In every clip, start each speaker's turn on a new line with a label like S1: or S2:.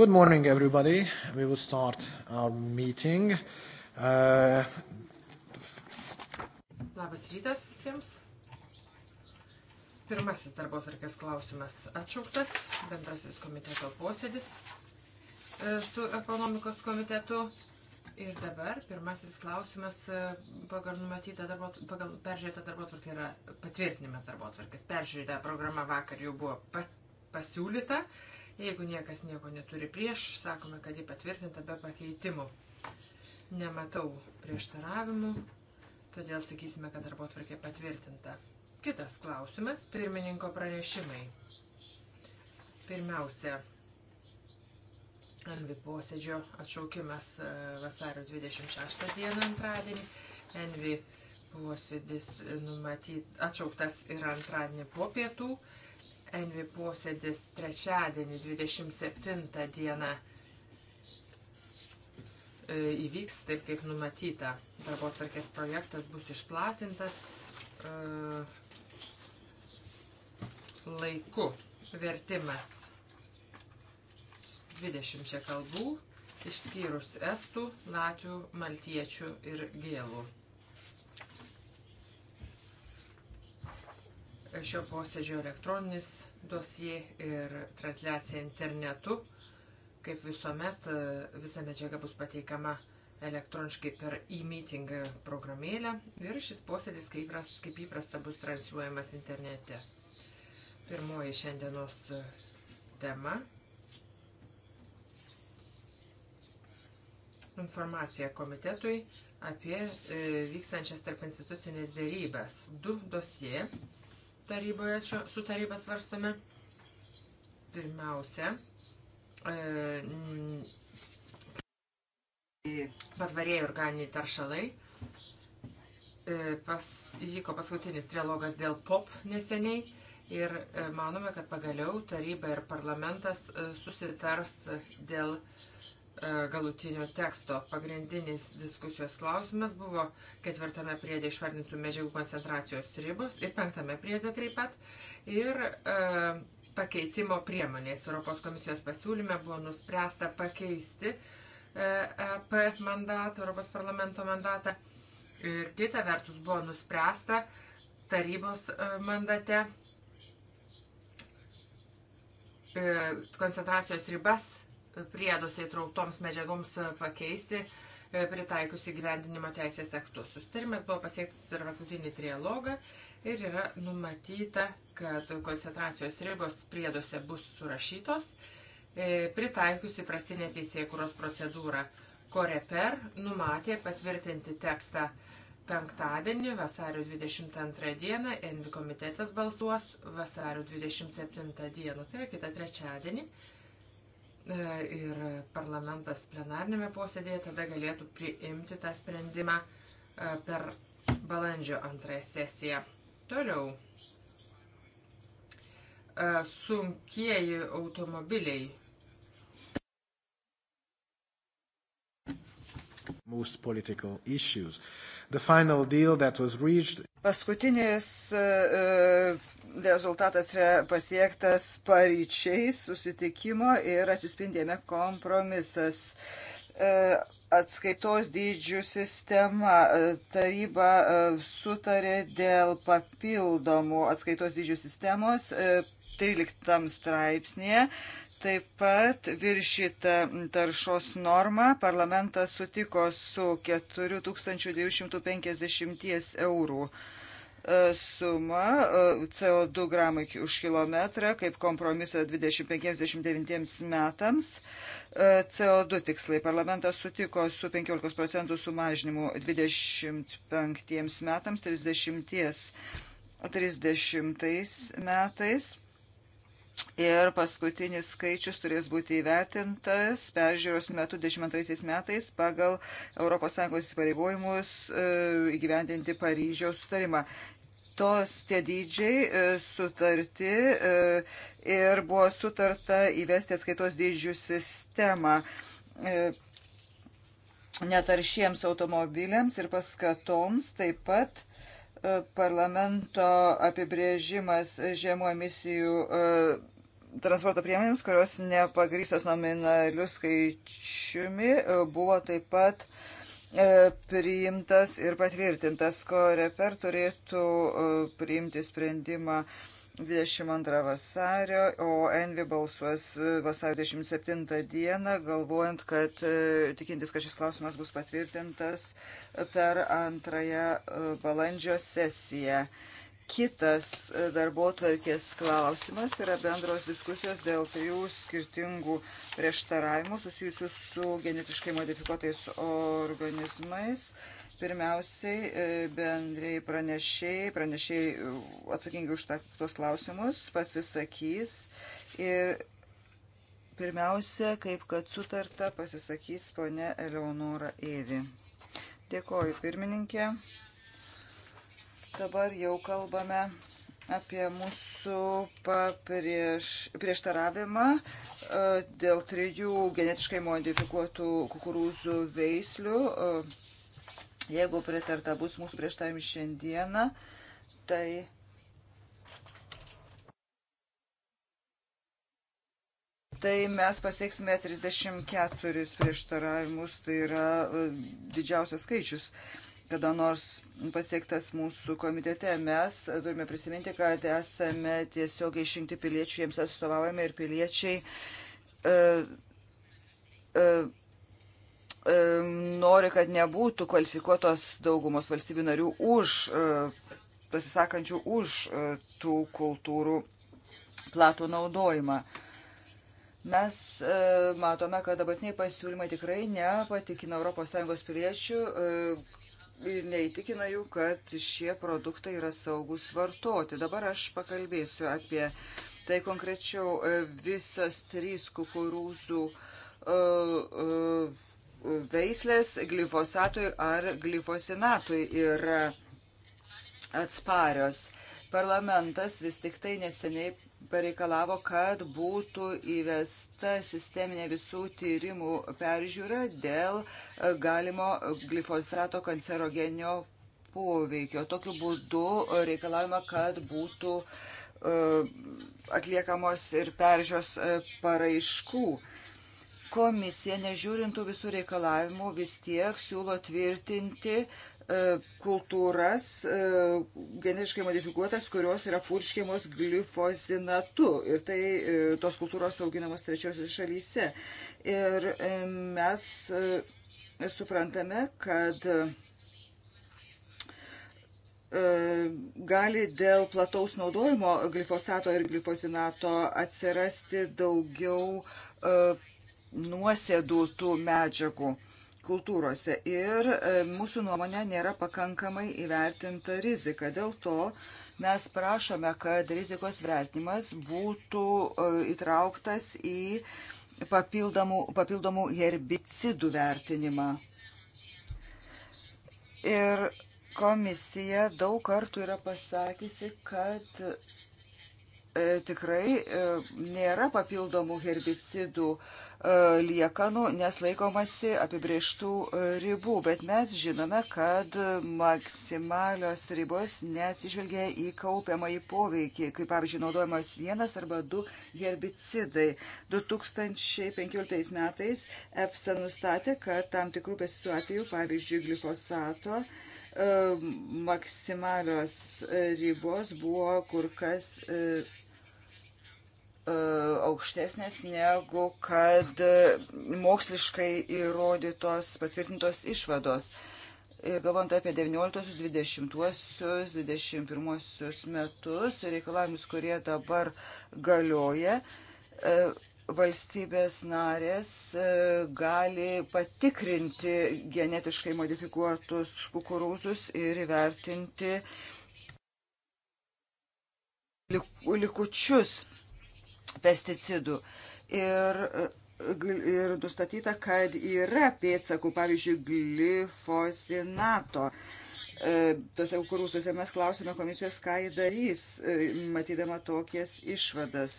S1: Good morning, everybody. We will start our meeting. Uh... Labas rytas visiems. Pirmasis darbo tvarkės klausimas atšauktas, bendrasis komiteto posėdis e, su ekonomikos komitetu. Ir dabar pirmasis klausimas e, pagal numatytą darbo, pagal peržiūrėtą darbo tvarkę yra patvirtinimas darbo tvarkės. Peržiūrėta programa vakar jau buvo pa, pasiūlyta. Uh, Jeigu niekas nieko neturi prieš, sakome, kad ji patvirtinta be pakeitimų. Nematau prieštaravimų, todėl sakysime, kad darbo tvarkė patvirtinta. Kitas klausimas - pirmininko pranešimai. Pirmiausia, Envi posėdžio atšaukimas e, vasario 26 dieną antradienį. Envi posėdis numatyt, atšauktas ir antradienį po pietų. Envi posėdis trečiadienį 27 dieną e, įvyks taip, kaip numatyta. Darbo tvarkės projektas bus išplatintas e, laiku. Vertimas 20 kalbų, išskyrus estų, latvių, maltiečių ir gėlų. šio posėdžio elektroninis dosie ir transliacija internetu. Kaip visuomet, visa medžiaga bus pateikama elektroniškai per e-meeting programėlę ir šis posėdis kaip, ras, kaip įprasta bus transliuojamas internete. Pirmoji šiandienos tema - informacija komitetui apie e, vykstančias tarp institucinės dėrybas. Du dosie taryboje šio, su taryba svarstome. Pirmiausia, e, patvarėjai organiniai taršalai. E, pas, įvyko paskutinis trilogas dėl POP neseniai ir e, manome, kad pagaliau taryba ir parlamentas e, susitars dėl e, E, galutinio teksto. Pagrindinis diskusijos klausimas buvo ketvirtame priedė išvardintų medžiagų koncentracijos ribos ir penktame priedė taip pat. Ir e, pakeitimo priemonės Europos komisijos pasiūlyme buvo nuspręsta pakeisti e, EP mandatą, Europos parlamento mandatą. Ir kita vertus buvo nuspręsta tarybos e, mandate e, koncentracijos ribas prieduose įtrauktoms medžiagoms pakeisti, e, pritaikius įgyvendinimo teisės aktus. Sustarimas buvo pasiektas ir paskutinį trialogą ir yra numatyta, kad koncentracijos ribos prieduose bus surašytos, e, pritaikius įprastinę teisėkuros procedūrą. Koreper numatė patvirtinti tekstą penktadienį, vasario 22 dieną, Envi komitetas balsuos vasario 27 dieną, tai yra kitą trečiadienį. E, ir parlamentas plenarnėme posėdėje tada galėtų priimti tą sprendimą e, per balandžio antrąją sesiją. Toliau. E, sunkieji automobiliai. Most political issues. The final deal that was reached.
S2: Paskutinis uh, rezultatas yra pasiektas paryčiais susitikimo ir atsispindėme kompromisas e, atskaitos dydžių sistema. E, taryba e, sutarė dėl papildomų atskaitos dydžių sistemos 13 straipsnėje. Taip pat viršyta taršos norma. Parlamentas sutiko su 4250 eurų E, suma e, CO2 gramai už kilometrą kaip kompromisą 25-29 metams. E, CO2 tikslai. Parlamentas sutiko su 15 procentų sumažinimu 25 metams, 30, 30 metais. Ir paskutinis skaičius turės būti įvertintas peržiūros metu 22 metais pagal ES įsipareigojimus e, įgyvendinti Paryžiaus sutarimą. Tos tie dydžiai e, sutarti e, ir buvo sutarta įvesti atskaitos dydžių sistemą netaršiems automobiliams ir paskatoms taip pat parlamento apibrėžimas žemų emisijų e, transporto priemonėms, kurios nepagrystas nominaliu skaičiumi, e, buvo taip pat e, priimtas ir patvirtintas. Koreper turėtų priimti sprendimą 22 vasario, o Envi balsuos e, vasario 27 dieną, galvojant, kad e, tikintis, kad šis klausimas bus patvirtintas per antrąją e, balandžio sesiją. Kitas darbo tvarkės klausimas yra bendros diskusijos dėl trijų skirtingų prieštaravimų susijusių su genetiškai modifikuotais organizmais. Uh, Pirmiausiai e, bendrai pranešiai, pranešiai e, atsakingi už tos klausimus, pasisakys ir pirmiausia, kaip kad sutarta, pasisakys ponė Eleonora Evi. Dėkoju pirmininkė. Dabar jau kalbame apie mūsų paprieš, prieštaravimą e, dėl trijų genetiškai modifikuotų kukurūzų veislių Jeigu pritarta bus mūsų prieštavimus šiandieną, tai tai mes pasieksime 34 prieštaravimus, tai yra e, didžiausias skaičius, kada nors pasiektas mūsų komitete. Mes turime prisiminti, kad esame tiesiog išrinkti piliečių, jiems atstovaujame ir piliečiai. Uh, e, uh, e, nori, kad nebūtų kvalifikuotos daugumos valstybių narių už, e, pasisakančių už e, tų kultūrų platų naudojimą. Mes e, matome, kad dabartiniai pasiūlymai tikrai nepatikina ES piliečių e, ir e, neįtikina jų, kad šie produktai yra saugus vartoti. Dabar aš pakalbėsiu apie tai konkrečiau e, visos trys kukurūzų. E, e, veislės glifosatui ar glifosinatui yra atsparios. Parlamentas vis tik tai neseniai pareikalavo, kad būtų įvesta sisteminė visų tyrimų peržiūra dėl galimo glifosato kancerogenio poveikio. Tokiu būdu reikalavimą, kad būtų e, atliekamos ir peržios e, paraiškų. Komisija, nežiūrintų visų reikalavimų, vis tiek siūlo tvirtinti e, kultūras e, genetiškai modifikuotas, kurios yra purškiamos glifozinatu. Ir tai e, tos kultūros auginamos trečiosios šalyse. Ir mes suprantame, kad gali dėl plataus naudojimo glifosato ir glifosinato atsirasti daugiau nuosėdų tų medžiagų kultūrose ir e, mūsų nuomonė nėra pakankamai įvertinta rizika. Dėl to mes prašome, kad rizikos vertinimas būtų e, įtrauktas į papildomų, papildomų herbicidų vertinimą. Ir komisija daug kartų yra pasakysi, kad e, tikrai nėra papildomų herbicidų E, liekanų, nes laikomasi apibrieštų e, ribų, bet mes žinome, kad maksimalios ribos neatsižvelgia į kaupiamą į poveikį, kaip pavyzdžiui, naudojamas vienas arba du herbicidai. 2015 metais EFSA nustatė, kad tam tikrų pesticidų atveju, pavyzdžiui, glifosato, e, maksimalios ribos buvo kur kas E, aukštesnės negu kad moksliškai įrodytos patvirtintos išvados. Ir galvant apie 19-20-uosius, 21-uosius metus ir reikalavimus, kurie dabar galioja, e, valstybės narės e, gali patikrinti genetiškai modifikuotus kukurūzus ir įvertinti likučius pesticidų. Ir e, ir nustatyta, kad yra pėtsakų, pavyzdžiui, glifosinato. E, Tose kukurūzuose mes klausime komisijos, ką jį darys, e, matydama tokias išvadas.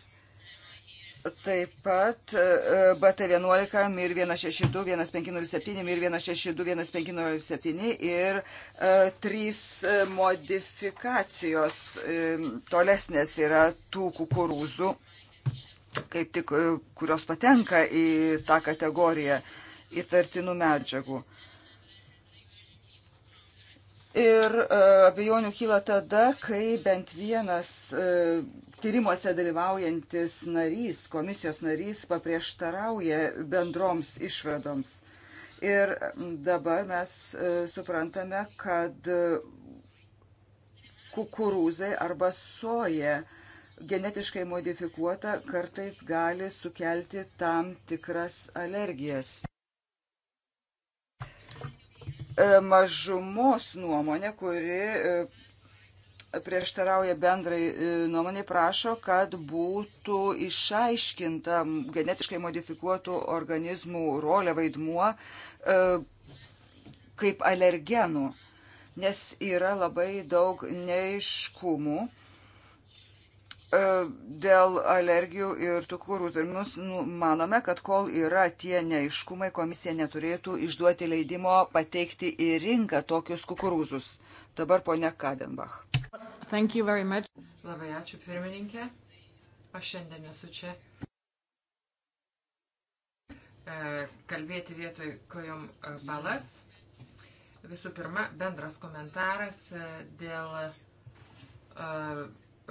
S2: Taip pat BT11, MIR162, 1507, MIR162, 1507 ir trys modifikacijos tolesnės yra tų kukurūzų kaip tik e, kurios patenka į tą kategoriją įtartinų medžiagų. Ir e, abejonių kyla tada, kai bent vienas e, tyrimuose dalyvaujantis narys, komisijos narys paprieštarauja bendroms išvedoms. Ir dabar mes suprantame, kad kukurūzai arba soja genetiškai modifikuota kartais gali sukelti tam tikras alergijas. E, mažumos nuomonė, kuri e, prieštarauja bendrai e, nuomonė, prašo, kad būtų išaiškinta genetiškai modifikuotų organizmų rolė vaidmuo kaip alergenų, nes yra labai daug neiškumų E, dėl alergijų ir tų kukurūzų. Nu, manome, kad kol yra tie neiškumai, komisija neturėtų išduoti leidimo pateikti į rinką tokius kukurūzus. Dabar ponia Kadenbach.
S3: Labai
S1: ačiū pirmininkė. Aš šiandien esu čia e, kalbėti vietoj kojom e, balas. Visų pirma, bendras komentaras dėl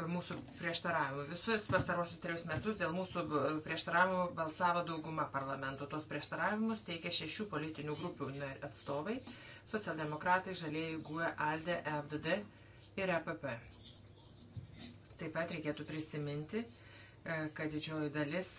S1: mūsų prieštaravimų. Visus pastarosius trejus metus dėl mūsų prieštaravimų balsavo dauguma parlamentų. Tuos prieštaravimus teikia šešių politinių grupių atstovai - socialdemokratai, žalieji, GUE, ALDE, e FDD ir EPP. Taip pat reikėtų prisiminti, e, kad didžioji dalis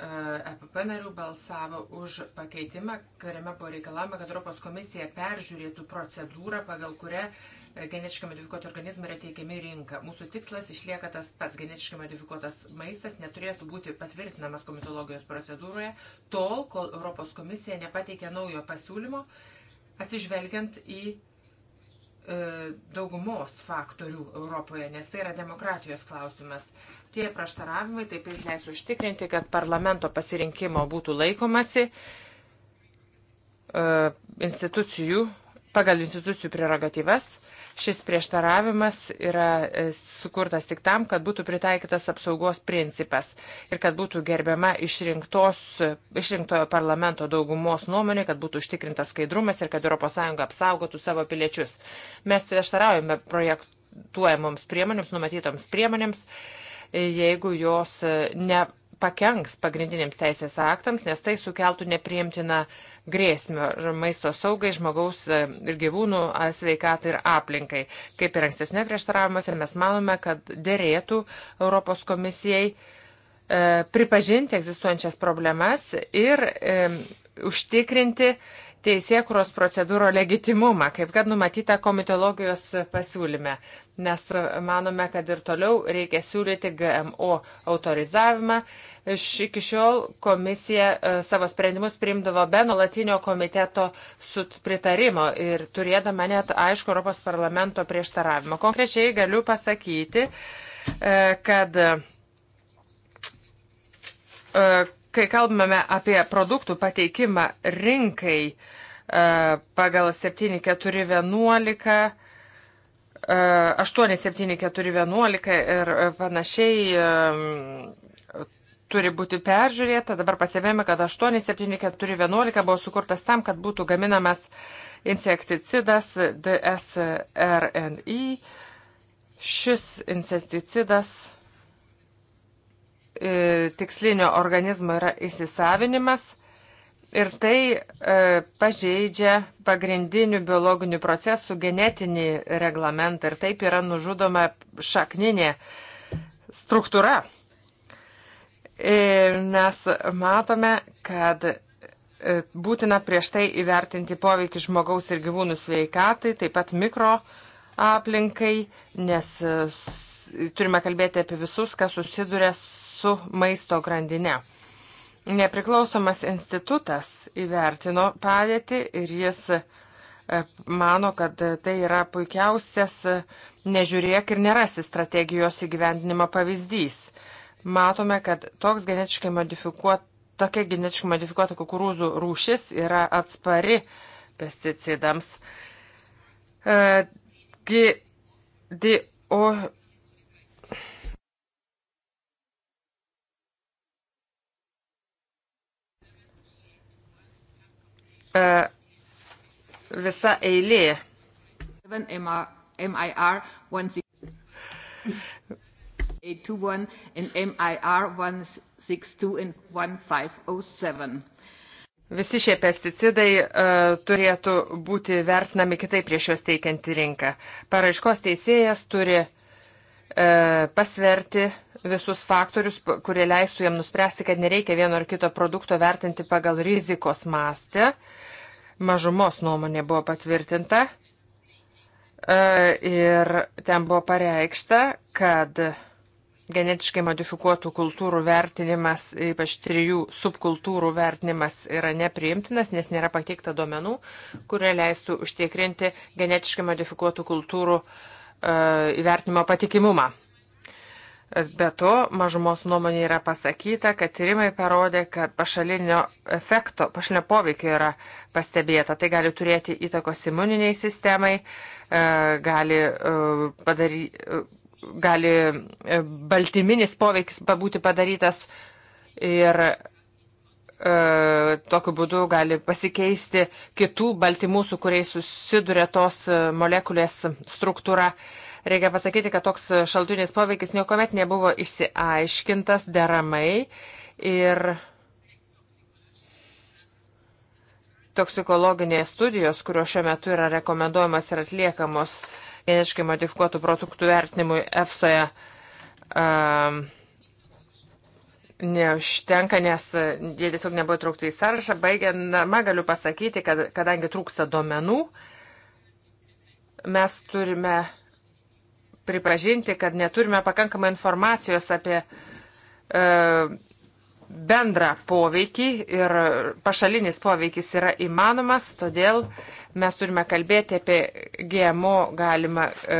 S1: EPP e narių balsavo už pakeitimą, kuriame buvo reikalama, kad Europos komisija peržiūrėtų procedūrą, pagal kurią genetiškai modifikuoti organizmai yra teikiami į rinką. Mūsų tikslas išlieka tas pats. Genetiškai modifikuotas maistas neturėtų būti patvirtinamas komitologijos procedūroje tol, kol Europos komisija nepateikia naujo pasiūlymo, atsižvelgiant į e, daugumos faktorių Europoje, nes tai yra demokratijos klausimas. Tie prieštaravimai taip pat leis užtikrinti, kad parlamento pasirinkimo būtų laikomasi e, institucijų pagal institucijų prerogatyvas Šis prieštaravimas yra e, sukurtas tik tam, kad būtų pritaikytas apsaugos principas ir kad būtų gerbiama išrinktojo parlamento daugumos nuomonė, kad būtų užtikrintas skaidrumas ir kad ES apsaugotų savo piliečius. Mes prieštaraujame projektuojamoms priemonėms, numatytoms priemonėms e, jeigu jos e, ne pakenks pagrindiniams teisės aktams, nes tai sukeltų nepriimtiną grėsmę maisto saugai, žmogaus e, ir gyvūnų sveikatai ir aplinkai. Kaip ir ankstesnė prieštaravimuose, mes manome, kad dėrėtų Europos komisijai e, pripažinti egzistuojančias problemas ir um, užtikrinti uh, teisėkuros procedūro legitimumą, kaip kad numatyta komitologijos pasiūlyme, nes manome, kad ir toliau reikia siūlyti GMO autorizavimą. Iš iki šiol komisija e, savo sprendimus priimdavo be nuolatinio komiteto pritarimo ir turėdama net aišku Europos parlamento prieštaravimo. Konkrečiai galiu pasakyti, e, kad e, kai kalbame apie produktų pateikimą rinkai e, pagal 7411, 87411 e, ir e, panašiai turi būti peržiūrėta. Dabar pasibėjome, kad 87411 buvo sukurtas tam, kad būtų gaminamas insekticidas DSRNI. Šis insekticidas E, tikslinio organizmo yra įsisavinimas ir tai e, pažeidžia pagrindinių biologinių procesų genetinį reglamentą ir taip yra nužudoma šakninė struktūra. Ir e, mes matome, kad e, būtina prieš tai įvertinti poveikį žmogaus ir gyvūnų sveikatai, taip pat mikro aplinkai, nes turime kalbėti apie visus, kas susiduria su maisto grandine. Nepriklausomas institutas įvertino padėtį ir jis e, mano, kad tai yra puikiausias e, nežiūrėk ir nerasi strategijos įgyvendinimo pavyzdys. Matome, kad toks genetiškai modifikuot, tokia genetiškai modifikuota kukurūzų rūšis yra atspari pesticidams. E, GDO E, visa eilė. MIR 821 and MIR 162 and 1507. Visi šie pesticidai uh, turėtų būti vertinami kitaip prieš juos teikiant į rinką. Paraiškos teisėjas turi uh, pasverti uh, visus faktorius, kurie leistų jam nuspręsti, kad nereikia vieno ar kito produkto vertinti pagal rizikos mastę. Mažumos nuomonė buvo patvirtinta e, ir ten buvo pareikšta, kad genetiškai modifikuotų kultūrų vertinimas, ypač trijų subkultūrų vertinimas yra nepriimtinas, nes nėra pateikta duomenų, kurie leistų užtikrinti genetiškai modifikuotų kultūrų e, įvertinimo patikimumą. Be to, mažumos nuomonė yra pasakyta, kad tyrimai parodė, kad pašalinio efekto, pašalinio poveikio yra pastebėta. Tai gali turėti įtakos imuniniai sistemai, e, gali, e, padary, e, gali baltyminis poveikis būti padarytas ir tokiu būdu gali pasikeisti kitų baltymų, su kuriais susiduria tos molekulės struktūra. E, Reikia pasakyti, kad toks šaltinis poveikis niekuomet nebuvo išsiaiškintas deramai ir toksikologinės studijos, kurios šiuo metu yra rekomenduojamas ir atliekamos geniškai modifikuotų produktų vertinimui EFSOje, um, ehm, neužtenka, nes jie tiesiog nebuvo traukti į sąrašą. Baigiamą galiu pasakyti, kad kadangi trūksta duomenų, mes turime pripažinti, kad neturime pakankamai informacijos apie e, bendrą poveikį ir pašalinis poveikis yra įmanomas, todėl mes turime kalbėti apie GMO galimą e,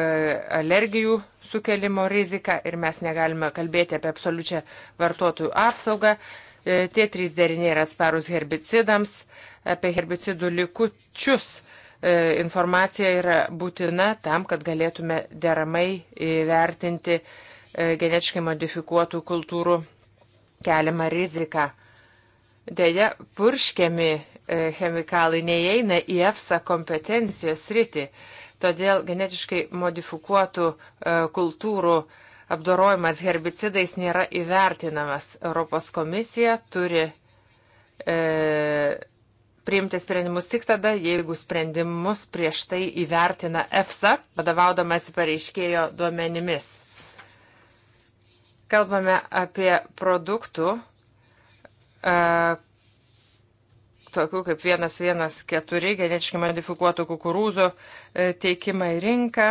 S1: alergijų sukelimo riziką ir mes negalime kalbėti apie absoliučią vartotojų apsaugą. E, tie trys deriniai yra atsparus herbicidams, apie herbicidų likučius E, informacija yra būtina tam, kad galėtume deramai vertinti e, genetiškai modifikuotų kultūrų keliamą riziką. Deja, purškiami e, chemikalai neįeina į EFSA kompetencijos rytį, todėl genetiškai modifikuotų kultūrų apdorojimas herbicidais nėra įvertinamas. Europos komisija turi e, priimti sprendimus tik tada, jeigu sprendimus prieš tai įvertina EFSA, vadovaudamas pareiškėjo duomenimis. Kalbame apie produktų, e, tokių kaip 114 genetiškai modifikuotų kukurūzų e, teikimą į rinką.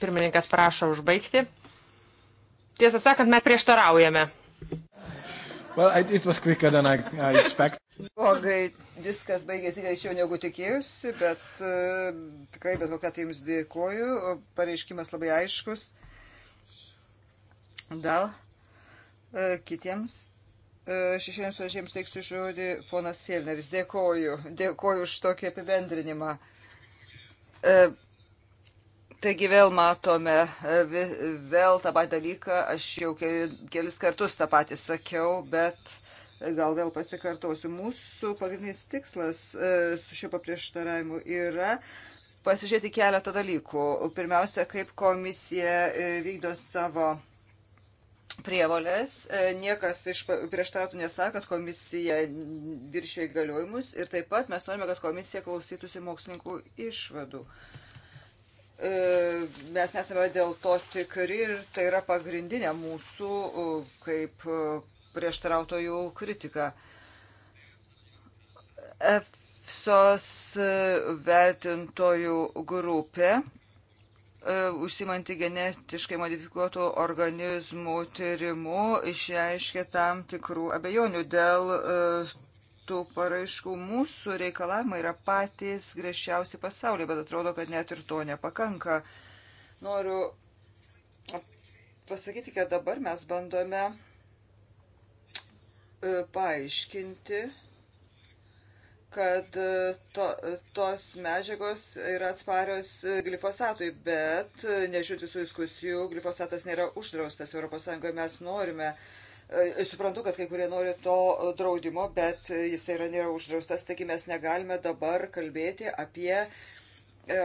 S1: Pirmininkas prašo užbaigti tiesą sakant, mes prieštaraujame. Well, I, it was quicker than I, I expected. Buvo greit, viskas baigėsi greičiau negu
S2: tikėjusi, bet uh, tikrai bet kokią tai jums dėkoju. Pareiškimas labai aiškus. Gal uh, e, kitiems uh, šešiems važiams teiksiu žodį ponas Fielneris. Dėkoju. Dėkoju už tokį apibendrinimą. Uh, Taigi vėl matome, e, vėl tą patį dalyką, aš jau kelis kartus tą patį sakiau, bet gal vėl pasikartosiu. Mūsų pagrindinis tikslas e, su šio paprieštaravimu yra pasižiūrėti keletą dalykų. Pirmiausia, kaip komisija e, vykdo savo prievolės. Niekas iš prieštarautų nesako, kad komisija viršia įgaliojimus ir taip pat mes norime, kad komisija klausytųsi mokslininkų išvadų. Uh, E, mes esame dėl to tikri ir tai yra pagrindinė mūsų e, kaip e, prieštarautojų kritika. EFSOS vertintojų grupė užsimanti genetiškai modifikuotų organizmų tyrimų išreiškė tam tikrų abejonių dėl tų paraiškų. Mūsų reikalavimai yra patys griežčiausi pasaulyje, bet atrodo, kad net ir to nepakanka. Noriu pasakyti, kad dabar mes bandome e, paaiškinti, kad e, to, tos medžiagos yra atsparios e, glifosatui, bet nežiūrint visų diskusijų, glifosatas nėra uždraustas ES. Mes norime uh, Suprantu, kad kai kurie nori to draudimo, bet jis yra nėra uždraustas, taigi mes negalime dabar kalbėti apie e, e,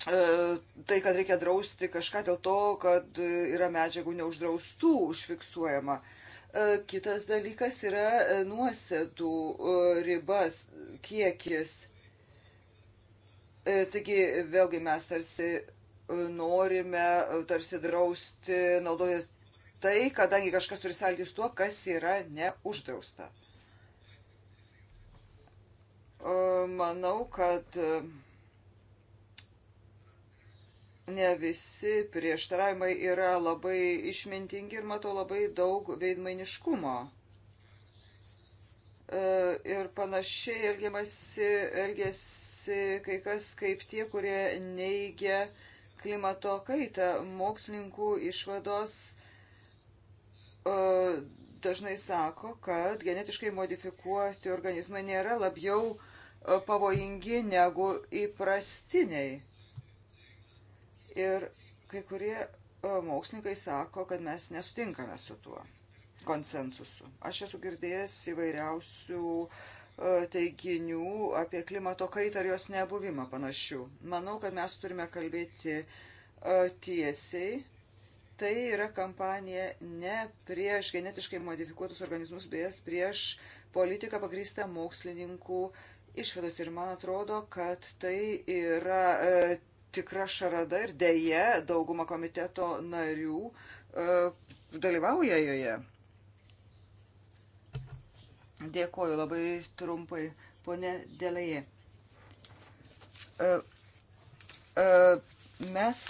S2: tai, kad reikia drausti kažką dėl to, kad yra medžiagų neuždraustų užfiksuojama. E, kitas dalykas yra e, nuosėdų ribas, kiekis. Taigi, vėlgi mes tarsi norime tarsi drausti naudotis tai, kadangi kažkas turi sąlytis tuo, kas yra neuždrausta. E, manau, kad e, ne visi prieštaravimai yra labai išmintingi ir matau labai daug veidmainiškumo e, ir panašiai elgiamasi, elgiasi kai kas kaip tie, kurie neigia klimato kaitą. Mokslininkų išvados E, dažnai sako, kad genetiškai modifikuoti organizmai nėra labiau e, pavojingi negu įprastiniai. Ir kai kurie e, mokslininkai sako, kad mes nesutinkame su tuo konsensusu. Aš esu girdėjęs įvairiausių teiginių apie klimato kaitą ir jos nebuvimą panašių. Manau, kad mes turime kalbėti tiesiai Tai yra kampanija ne prieš genetiškai modifikuotus organizmus, bet prieš politiką pagrįstą mokslininkų išvados. Ir man atrodo, kad tai yra e, tikra šarada ir dėje dauguma komiteto narių e, dalyvauja joje. Dėkoju labai trumpai, ponė Dėlėje. E, e, mes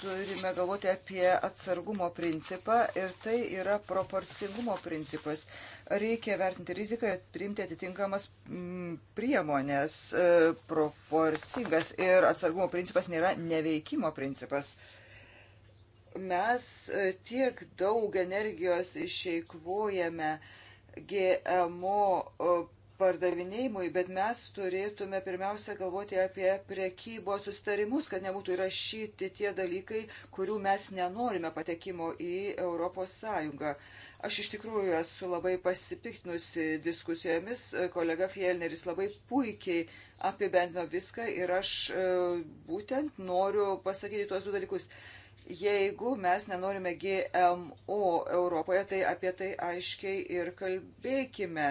S2: turime galvoti apie atsargumo principą ir tai yra proporcingumo principas. Reikia vertinti riziką ir priimti atitinkamas mm, priemonės e, proporcingas ir atsargumo principas nėra neveikimo principas. Mes e, tiek daug energijos išeikvojame GMO e, pardavinėjimui, bet mes turėtume pirmiausia galvoti apie priekybos sustarimus, kad nebūtų įrašyti tie dalykai, kurių mes nenorime patekimo į ES. Aš iš tikrųjų esu labai pasipiktinusi diskusijomis, kolega Fielneris labai puikiai apibendino viską ir aš e, būtent noriu pasakyti tuos du dalykus jeigu mes nenorime GMO Europoje, tai apie tai aiškiai ir kalbėkime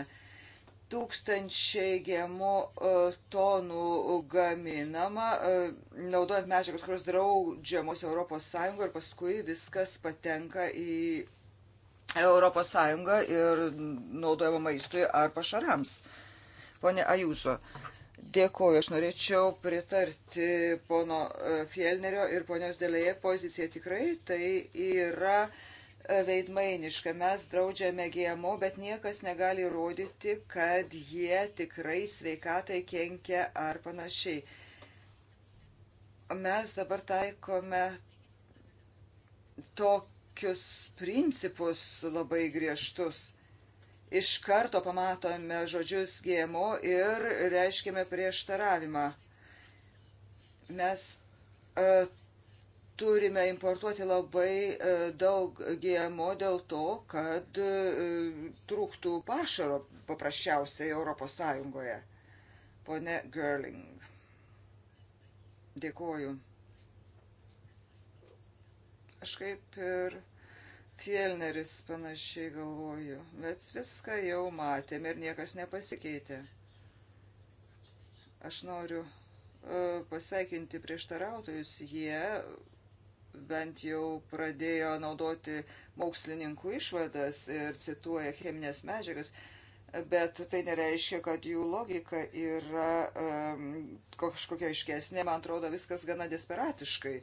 S2: tūkstančiai gemų e, tonų gaminama, e, naudojant medžiagas, kurios draudžiamos Europos Sąjungoje ir paskui viskas patenka į Europos Sąjungą ir naudojama maistui ar pašarams. Pone Ajuso, dėkoju, aš norėčiau pritarti pono e, Fielnerio ir ponios Dėlėje poziciją. Tikrai tai yra uh, veidmainiška. Mes draudžiame GMO, bet niekas negali įrodyti, kad jie tikrai sveikatai kenkia ar panašiai. Mes dabar taikome tokius principus labai griežtus iš karto pamatome žodžius gėmo ir reiškime prieštaravimą. Mes uh, turime importuoti labai e, daug GMO dėl to, kad e, trūktų pašaro paprasčiausiai Europos Sąjungoje. Pone Gerling. Dėkoju. Aš kaip ir Fielneris panašiai galvoju, bet viską jau matėm ir niekas nepasikeitė. Aš noriu e, pasveikinti prieštarautojus, jie bent jau pradėjo naudoti mokslininkų išvadas ir cituoja cheminės medžiagas, bet tai nereiškia, kad jų logika yra um, kažkokia iškesnė. Man atrodo, viskas gana desperatiškai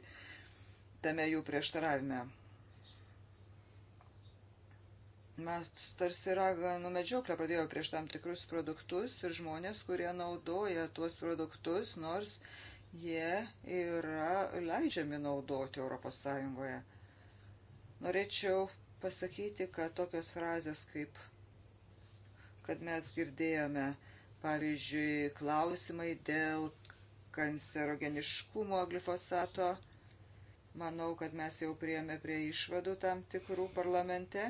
S2: tame jų prieštaravime. Mes tarsi raganų nu, medžioklę pradėjome prieš tam tikrus produktus ir žmonės, kurie naudoja tuos produktus, nors uh, jie yra leidžiami naudoti ES. Norėčiau pasakyti, kad tokios frazės kaip, kad mes girdėjome, pavyzdžiui, klausimai dėl kancerogeniškumo glifosato, manau, kad mes jau priėmė prie išvadų tam tikrų parlamente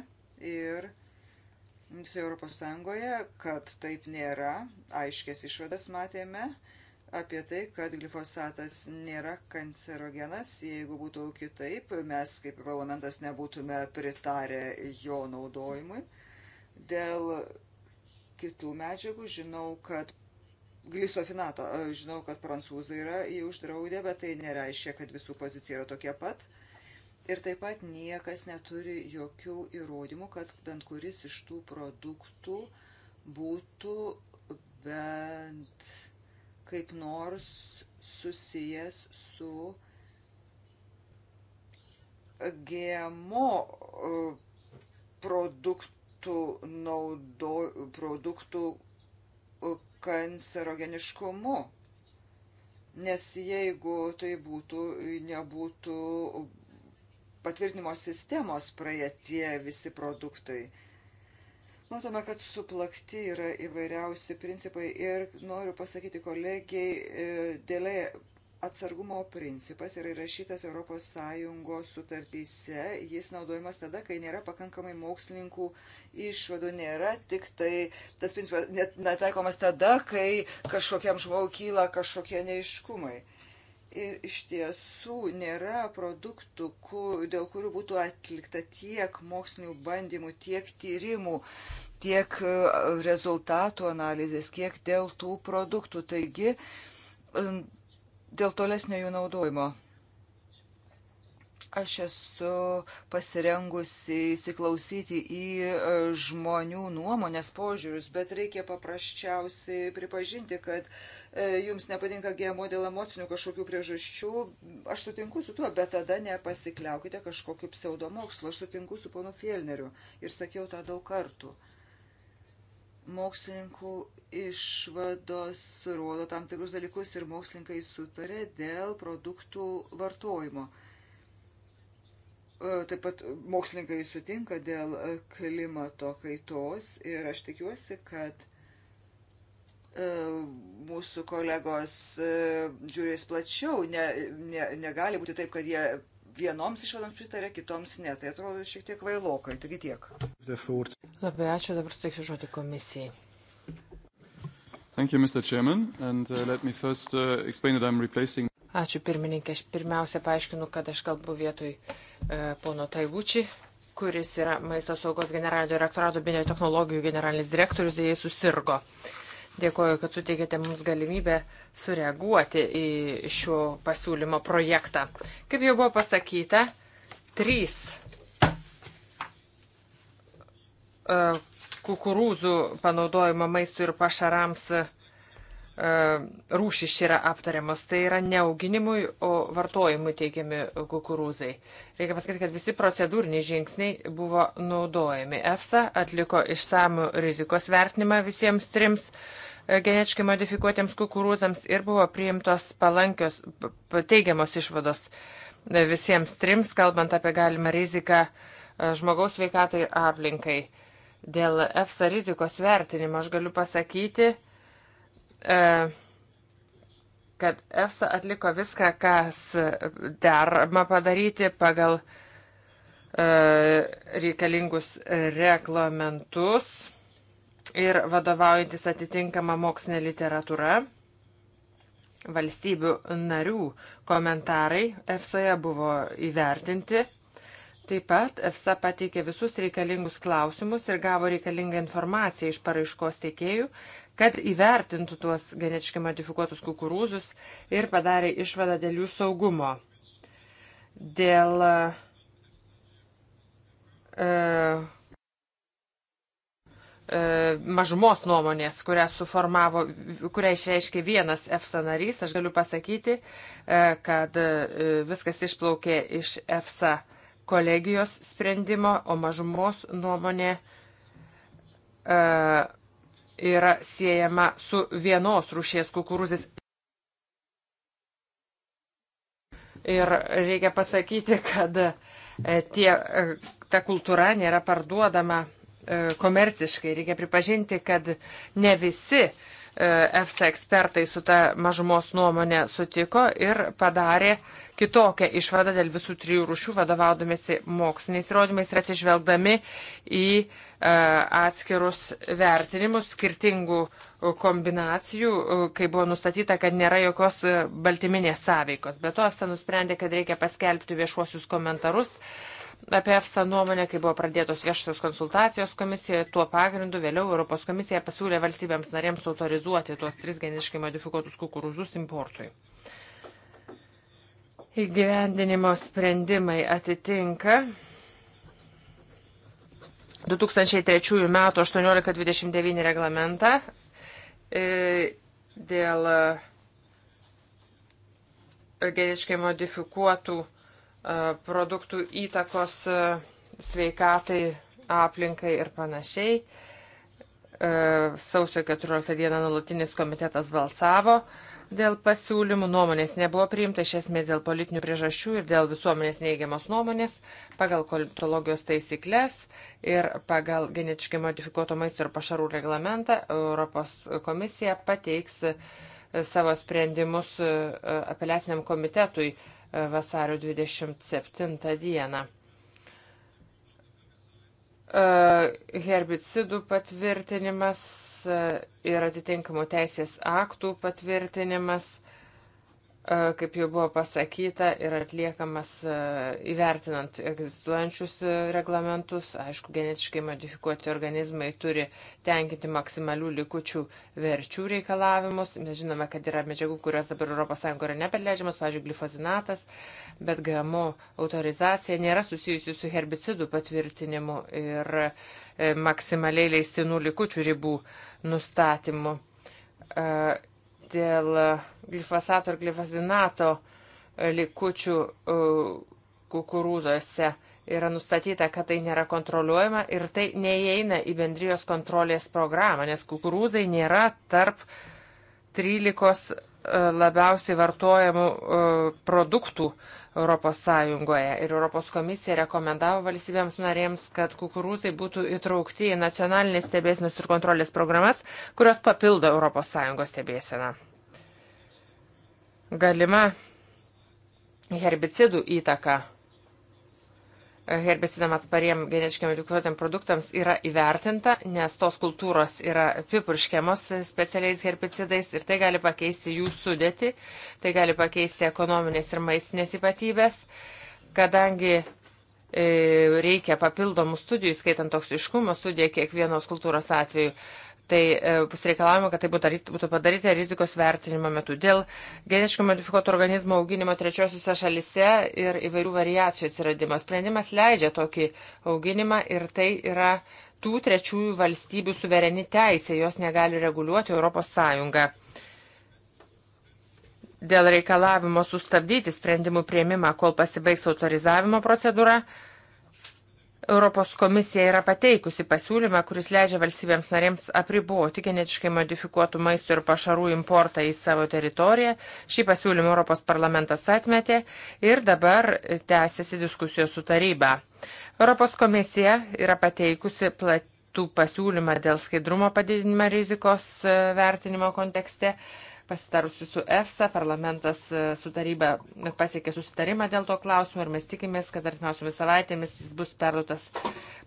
S2: ir visoje Europos Sąjungoje, kad taip nėra, aiškės išvadas matėme apie tai, kad glifosatas nėra kancerogenas. Jeigu būtų kitaip, mes kaip parlamentas nebūtume pritarę jo naudojimui. Dėl kitų medžiagų žinau, kad glisofinato, žinau, kad prancūzai yra jį uždraudę, bet tai nereiškia, kad visų pozicija yra tokia pat. Ir taip pat niekas neturi jokių įrodymų, kad bent kuris iš tų produktų būtų bent kaip nors susijęs su GMO e, produktų, naudo, produktų e, kancerogeniškumu. Nes jeigu tai būtų, nebūtų patvirtinimo sistemos praėję tie visi produktai. Matome, kad suplakti yra įvairiausi principai ir noriu pasakyti kolegiai, e, dėlė atsargumo principas yra įrašytas ES sutartyse, jis naudojamas tada, kai nėra pakankamai mokslininkų išvadų, nėra tik tai tas principas netaikomas tada, kai kažkokiam žmogui kyla kažkokie neiškumai. Ir iš tiesų nėra produktų, kur, dėl kurių būtų atlikta tiek mokslinių bandymų, tiek tyrimų, tiek e, rezultatų analizės, kiek dėl tų produktų. Taigi, dėl tolesnio jų naudojimo. Aš esu pasirengusi įsiklausyti į e, žmonių nuomonės požiūrius, bet reikia paprasčiausiai pripažinti, kad e, jums nepatinka GMO dėl emocinių kažkokių priežasčių. Aš sutinku su tuo, bet tada nepasikliaukite kažkokiu pseudomokslu. Aš sutinku su ponu Fielneriu ir sakiau tą daug kartų. Mokslininkų išvados rodo tam tikrus dalykus ir mokslininkai sutarė dėl produktų vartojimo E, taip pat mokslininkai sutinka dėl e, klimato kaitos ir aš tikiuosi, kad e, mūsų kolegos žiūrės plačiau. Ne, ne, negali būti taip, kad jie vienoms išvadoms pritarė, kitoms ne. Tai atrodo šiek tiek vailokai. Taigi tiek.
S1: Labai ačiū, dabar suteiksiu žodį komisijai.
S3: Thank you, Mr. Chairman, and uh, let me first uh, explain that I'm replacing.
S1: Ačiū pirmininkė, aš pirmiausia paaiškinu, kad aš kalbu vietoj uh, E, pono Taivučiai, kuris yra Maisto saugos generalinio direktorato biotechnologijų generalinis direktorius, jie susirgo. Dėkuoju, kad suteikėte mums galimybę sureaguoti į šio pasiūlymo projektą. Kaip jau buvo pasakyta, trys e, kukurūzų panaudojimo maistui ir pašarams E, rūšys čia yra aptariamos. Tai yra ne auginimui, o vartojimui teikiami kukurūzai. Reikia pasakyti, kad visi procedūriniai žingsniai buvo naudojami. EFSA atliko išsamų rizikos vertinimą visiems trims e, genetiškai modifikuotiems kukurūzams ir buvo priimtos palankios teigiamos išvados e, visiems trims, kalbant apie galimą riziką žmogaus veikatai ir aplinkai. Dėl EFSA rizikos vertinimo aš galiu pasakyti, E, kad EFSA atliko viską, kas derma padaryti pagal e, reikalingus reglamentus ir vadovaujantis atitinkama mokslinė literatūra. Valstybių narių komentarai EFSOje buvo įvertinti. Taip pat EFSA pateikė visus reikalingus klausimus ir gavo reikalingą informaciją iš paraiškos teikėjų, kad įvertintų tuos genetiškai modifikuotus kukurūzus ir padarė išvadą dėl jų saugumo. Dėl e, e, mažumos nuomonės, kurią suformavo, kurią išreiškė vienas EFSA narys, aš galiu pasakyti, e, kad e, viskas išplaukė iš EFSA kolegijos sprendimo, o mažumos nuomonė e, yra siejama su vienos rūšies kukurūzės. Ir reikia pasakyti, kad e, tie, e, ta kultūra nėra parduodama e, komerciškai. Reikia pripažinti, kad ne visi uh, EFSA ekspertai su ta mažumos nuomonė sutiko ir padarė kitokią išvadą dėl visų trijų rušių, vadovaudomėsi moksliniais įrodymais ir atsižvelgdami į e, atskirus vertinimus skirtingų kombinacijų, e, kai buvo nustatyta, kad nėra jokios e, baltyminės sąveikos. Be to, EFSA nusprendė, kad reikia paskelbti viešuosius komentarus apie EFSA nuomonę, kai buvo pradėtos viešosios konsultacijos komisijoje, tuo pagrindu vėliau Europos komisija pasiūlė valstybėms narėms autorizuoti tuos tris geniškai modifikuotus kukurūzus importui. Įgyvendinimo sprendimai atitinka 2003 m. 1829 reglamentą e, dėl e, geniškai modifikuotų produktų įtakos sveikatai, aplinkai ir panašiai. Sausio 14 dieną nulatinis komitetas balsavo dėl pasiūlymų nuomonės nebuvo priimta iš esmės dėl politinių priežasčių ir dėl visuomenės neigiamos nuomonės pagal kolitologijos taisyklės ir pagal genetiškai modifikuoto maisto ir pašarų reglamentą Europos komisija pateiks savo sprendimus apeliaciniam komitetui vasario 27 dieną. E, herbicidų patvirtinimas e, ir atitinkamų teisės aktų patvirtinimas E, kaip jau buvo pasakyta, yra atliekamas e, įvertinant egzistuojančius e, reglamentus. Aišku, genetiškai modifikuoti organizmai turi tenkinti maksimalių likučių verčių reikalavimus. Mes žinome, kad yra medžiagų, kurios dabar ES yra neperleidžiamas, pavyzdžiui, glifozinatas, bet GMO autorizacija nėra susijusi su herbicidų patvirtinimu ir maksimaliai leistinų likučių ribų nustatymu dėl e, glifosato ir glifosinato e, likučių e, kukurūzose yra nustatyta, kad tai nėra kontroliuojama ir tai neįeina į bendrijos kontrolės programą, nes kukurūzai nėra tarp 13 labiausiai vartojamų produktų Europos Sąjungoje. Ir Europos komisija rekomendavo valstybėms narėms, kad kukurūzai būtų įtraukti į nacionalinės stebėsinos ir kontrolės programas, kurios papildo Europos Sąjungos stebėsiną. Galima herbicidų įtaka herbicidam atspariem genetiškai modifikuotėm produktams yra įvertinta, nes tos kultūros yra apipurškiamos specialiais herbicidais ir tai gali pakeisti jų sudėtį, tai gali pakeisti ekonominės ir maistinės ypatybės, kadangi e, reikia papildomų studijų, skaitant toksiškumo studiją kiekvienos kultūros atveju. Tai bus e, reikalavimo, kad tai būtų padaryta rizikos vertinimo metu. Dėl geniškai modifikuotų organizmų auginimo trečiosiuose šalise ir įvairių variacijų atsiradimo sprendimas leidžia tokį auginimą ir tai yra tų trečiųjų valstybių suvereni teisė, jos negali reguliuoti ES dėl reikalavimo sustabdyti sprendimų prieimimą, kol pasibaigs autorizavimo procedūra, Europos komisija yra pateikusi pasiūlymą, kuris leidžia valstybėms narėms apriboti genetiškai modifikuotų maisto ir pašarų importą į savo teritoriją. Šį pasiūlymą Europos parlamentas atmetė ir dabar tęsiasi diskusijos su taryba. Europos komisija yra pateikusi platų pasiūlymą dėl skaidrumo padidinimo rizikos e, vertinimo kontekste. Pasitarusi su EFSA, parlamentas e, su taryba pasiekė susitarimą dėl to klausimo ir mes tikimės, kad artimiausiomis savaitėmis jis bus perduotas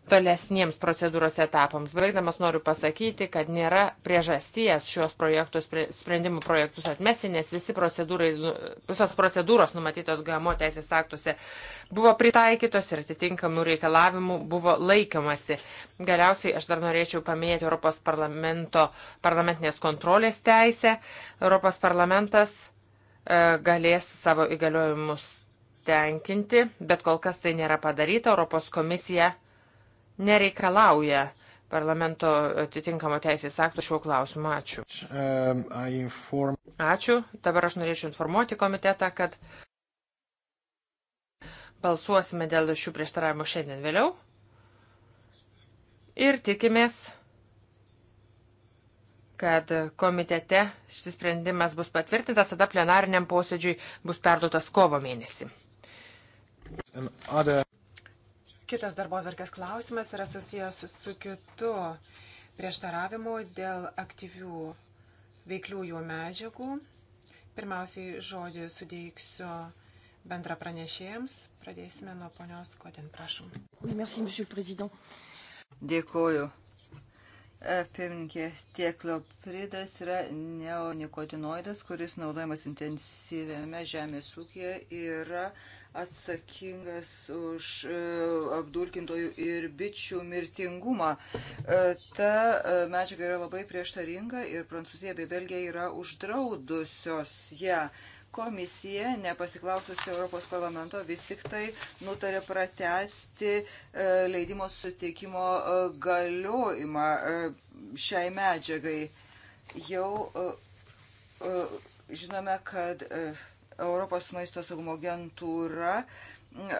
S1: tolesniems procedūros etapams. Baigdamas noriu pasakyti, kad nėra priežasties šios projektus, sprendimų projektus atmesti, nes visi procedūrai, nu, visos procedūros numatytos GMO teisės aktuose buvo pritaikytos ir atitinkamų reikalavimų buvo laikomasi. Galiausiai aš dar norėčiau paminėti Europos parlamento parlamentinės kontrolės teisę. Europos parlamentas e, galės savo įgaliojimus tenkinti, bet kol kas tai nėra padaryta. Europos komisija nereikalauja parlamento atitinkamo teisės aktų šiuo klausimu. Ačiū. Um, Ačiū. Dabar aš norėčiau informuoti komitetą, kad balsuosime dėl šių prieštaravimų šiandien vėliau. Ir tikimės kad komitete šis sprendimas bus patvirtintas, tada plenariniam posėdžiui bus perduotas kovo mėnesį.
S3: Kitas darbo atvarkės klausimas yra susijęs su kitu prieštaravimu dėl aktyvių veikliųjų medžiagų. Pirmiausiai žodį sudėksiu bendra pranešėjams. Pradėsime nuo ponios Kodin, prašom.
S2: Dėkuoju, E, Pirminkė, tieklopridas yra neonikotinoidas, kuris naudojamas intensyviame žemės ūkėje, yra atsakingas už e, apdulkintojų ir bičių mirtingumą. E, ta medžiaga yra labai prieštaringa ir Prancūzija bei Belgija yra uždraudusios ją. Ja Komisija, nepasiklaususi Europos parlamento, vis tik tai nutarė pratesti e, leidimo suteikimo e, galiojimą e, šiai medžiagai. Jau žinome, kad Europos maisto saugumo agentūra uh,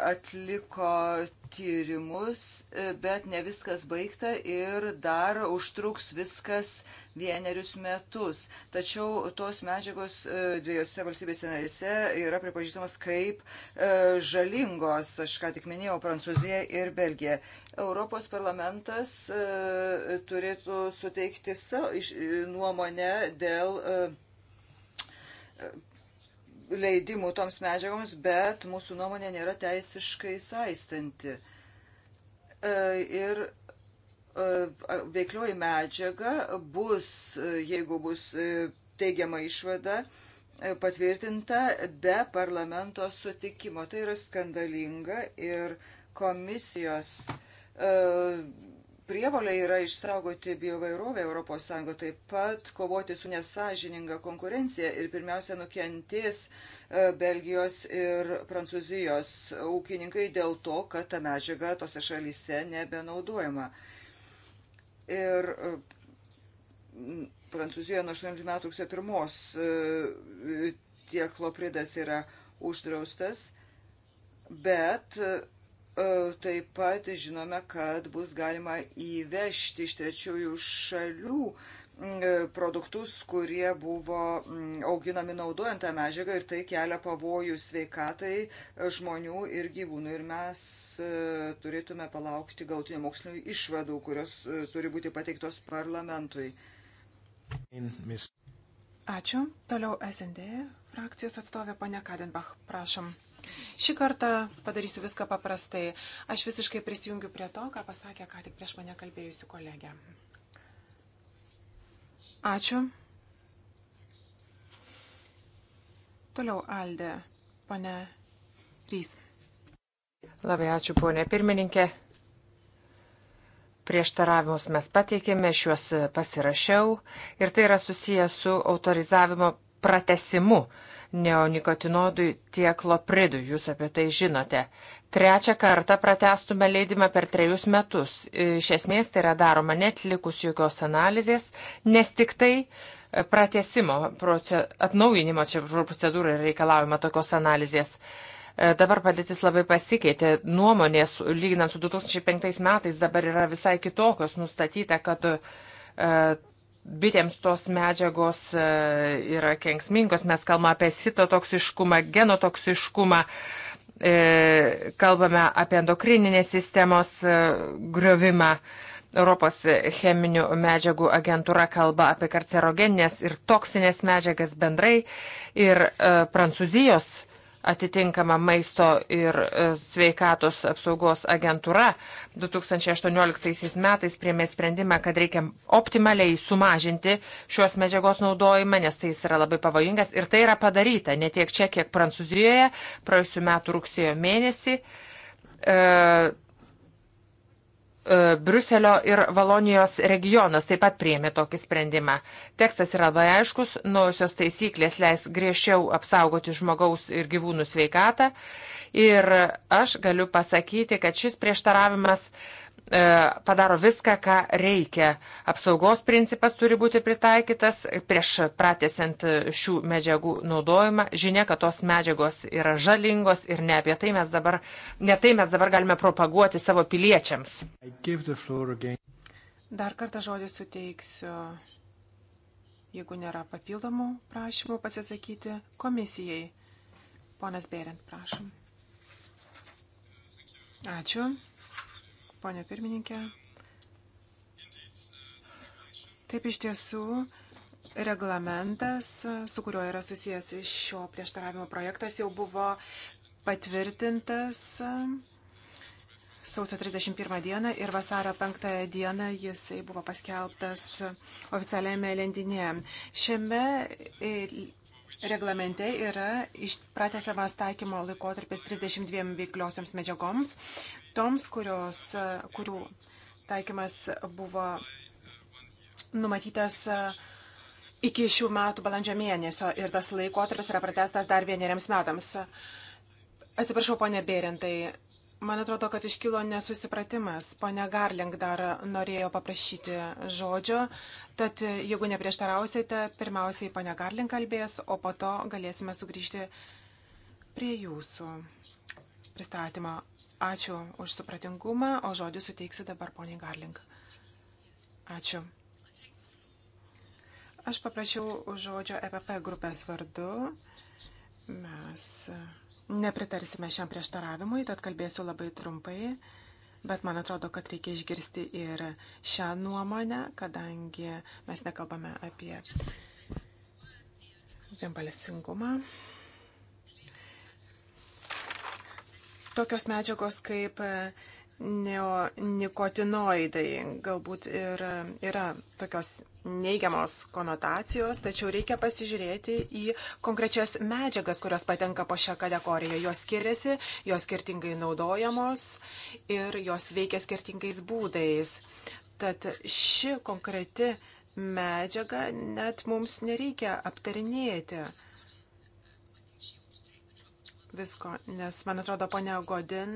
S2: atliko tyrimus, bet ne viskas baigta ir dar užtruks viskas vienerius metus. Tačiau tos medžiagos e, dviejose valstybėse narėse yra pripažįstamos kaip e, žalingos, aš ką tik minėjau, Prancūzija ir Belgija. Europos parlamentas e, turėtų suteikti savo nuomonę dėl leidimų toms medžiagoms, bet mūsų nuomonė nėra teisiškai saistanti. E, ir e, veiklioji medžiaga bus, e, jeigu bus teigiama išvada, patvirtinta be parlamento sutikimo. Tai yra skandalinga ir komisijos prievalė yra išsaugoti biovairovę ES, taip pat kovoti su nesažininga konkurencija ir pirmiausia nukentės e, Belgijos ir Prancūzijos ūkininkai dėl to, kad ta medžiaga tose šalyse nebenaudojama. Ir e, Prancūzijoje nuo 18 metų rugsėjo 1 e, tiek klopridas yra uždraustas, bet E, taip pat žinome, kad bus galima įvežti iš trečiųjų šalių e, produktus, kurie buvo auginami naudojant tą medžiagą ir tai kelia pavojų sveikatai e, žmonių ir gyvūnų. Ir mes turėtume palaukti galtinių mokslinių išvadų, kurios turi būti pateiktos parlamentui.
S3: Ačiū. Toliau SND frakcijos atstovė pane Kadenbach. Prašom. Šį kartą padarysiu viską paprastai. Aš visiškai prisijungiu prie to, ką pasakė ką tik prieš mane kalbėjusi kolegė. Ačiū. Toliau Aldė, pane Rys.
S1: Labai ačiū, ponė pirmininkė. Prieštaravimus mes pateikėme, aš juos pasirašiau ir tai yra susijęs su autorizavimo pratesimu neonikotinodui tiek lopridui, jūs apie tai žinote. Trečią kartą pratestume leidimą per trejus metus. Iš esmės tai yra daroma net likus jokios analizės, nes tik tai pratesimo, atnaujinimo čia procedūrai reikalaujama tokios analizės e, dabar padėtis labai pasikeitė. Nuomonės, lyginant su 2005 metais, dabar yra visai kitokios. Nustatyta, kad e, bitėms tos medžiagos e, yra kenksmingos. Mes kalbame apie sitotoksiškumą, genotoksiškumą, e, kalbame apie endokrininės sistemos e, griovimą. Europos cheminių medžiagų agentūra kalba apie karcerogeninės ir toksinės medžiagas bendrai ir e, Prancūzijos atitinkama maisto ir e, sveikatos apsaugos agentūra 2018 metais priemė sprendimą, kad reikia optimaliai sumažinti šios medžiagos naudojimą, nes tai jis yra labai pavojingas. Ir tai yra padaryta ne tiek čia, kiek Prancūzijoje praėjusiu metu rugsėjo mėnesį. E, E, Bruselio ir Valonijos regionas taip pat priėmė tokį sprendimą. Tekstas yra labai aiškus, nuosios taisyklės leis griežčiau apsaugoti žmogaus ir gyvūnų sveikatą. Ir aš galiu pasakyti, kad šis prieštaravimas uh, E, padaro viską, ką reikia. Apsaugos principas turi būti pritaikytas prieš pratesiant šių medžiagų naudojimą. Žinia, kad tos medžiagos yra žalingos ir ne apie tai mes dabar, ne tai mes dabar galime propaguoti savo piliečiams.
S3: Dar kartą žodį suteiksiu, jeigu nėra papildomų prašymų pasisakyti komisijai. Ponas Berent, prašom. Ačiū ponė pirmininkė. Taip iš tiesų, reglamentas, su kuriuo yra susijęs šio prieštaravimo projektas, jau buvo patvirtintas sausio 31 dieną ir vasario 5 dieną jisai buvo paskelbtas oficialiame lentinėje. Šiame e, reglamente yra pratesiamas taikymo laikotarpis 32 veikliosiams medžiagoms, toms, kurios, e, kurių taikymas buvo numatytas e, iki šių metų balandžio mėnesio ir tas laikotarpis yra pratestas dar vieneriams metams. Atsiprašau, ponė Bėrintai, man atrodo, kad iškilo nesusipratimas. Pone Garling dar norėjo paprašyti žodžio, tad jeigu neprieštarausite, pirmiausiai pone Garling kalbės, o po to galėsime sugrįžti prie jūsų pristatymo. Ačiū už supratingumą, o žodį suteiksiu dabar poniai Garling. Ačiū. Aš paprašiau žodžio EPP grupės vardu. Mes nepritarsime šiam prieštaravimui, tad kalbėsiu labai trumpai, bet man atrodo, kad reikia išgirsti ir šią nuomonę, kadangi mes nekalbame apie vienbalsingumą. tokios medžiagos kaip e, neonikotinoidai. Galbūt ir e, yra tokios neigiamos konotacijos, tačiau reikia pasižiūrėti į konkrečias medžiagas, kurios patenka po šią kategoriją. Jos skiriasi, jos skirtingai naudojamos ir jos veikia skirtingais būdais. Tad ši konkreti medžiaga net mums nereikia aptarinėti visko, nes, man atrodo, ponia Godin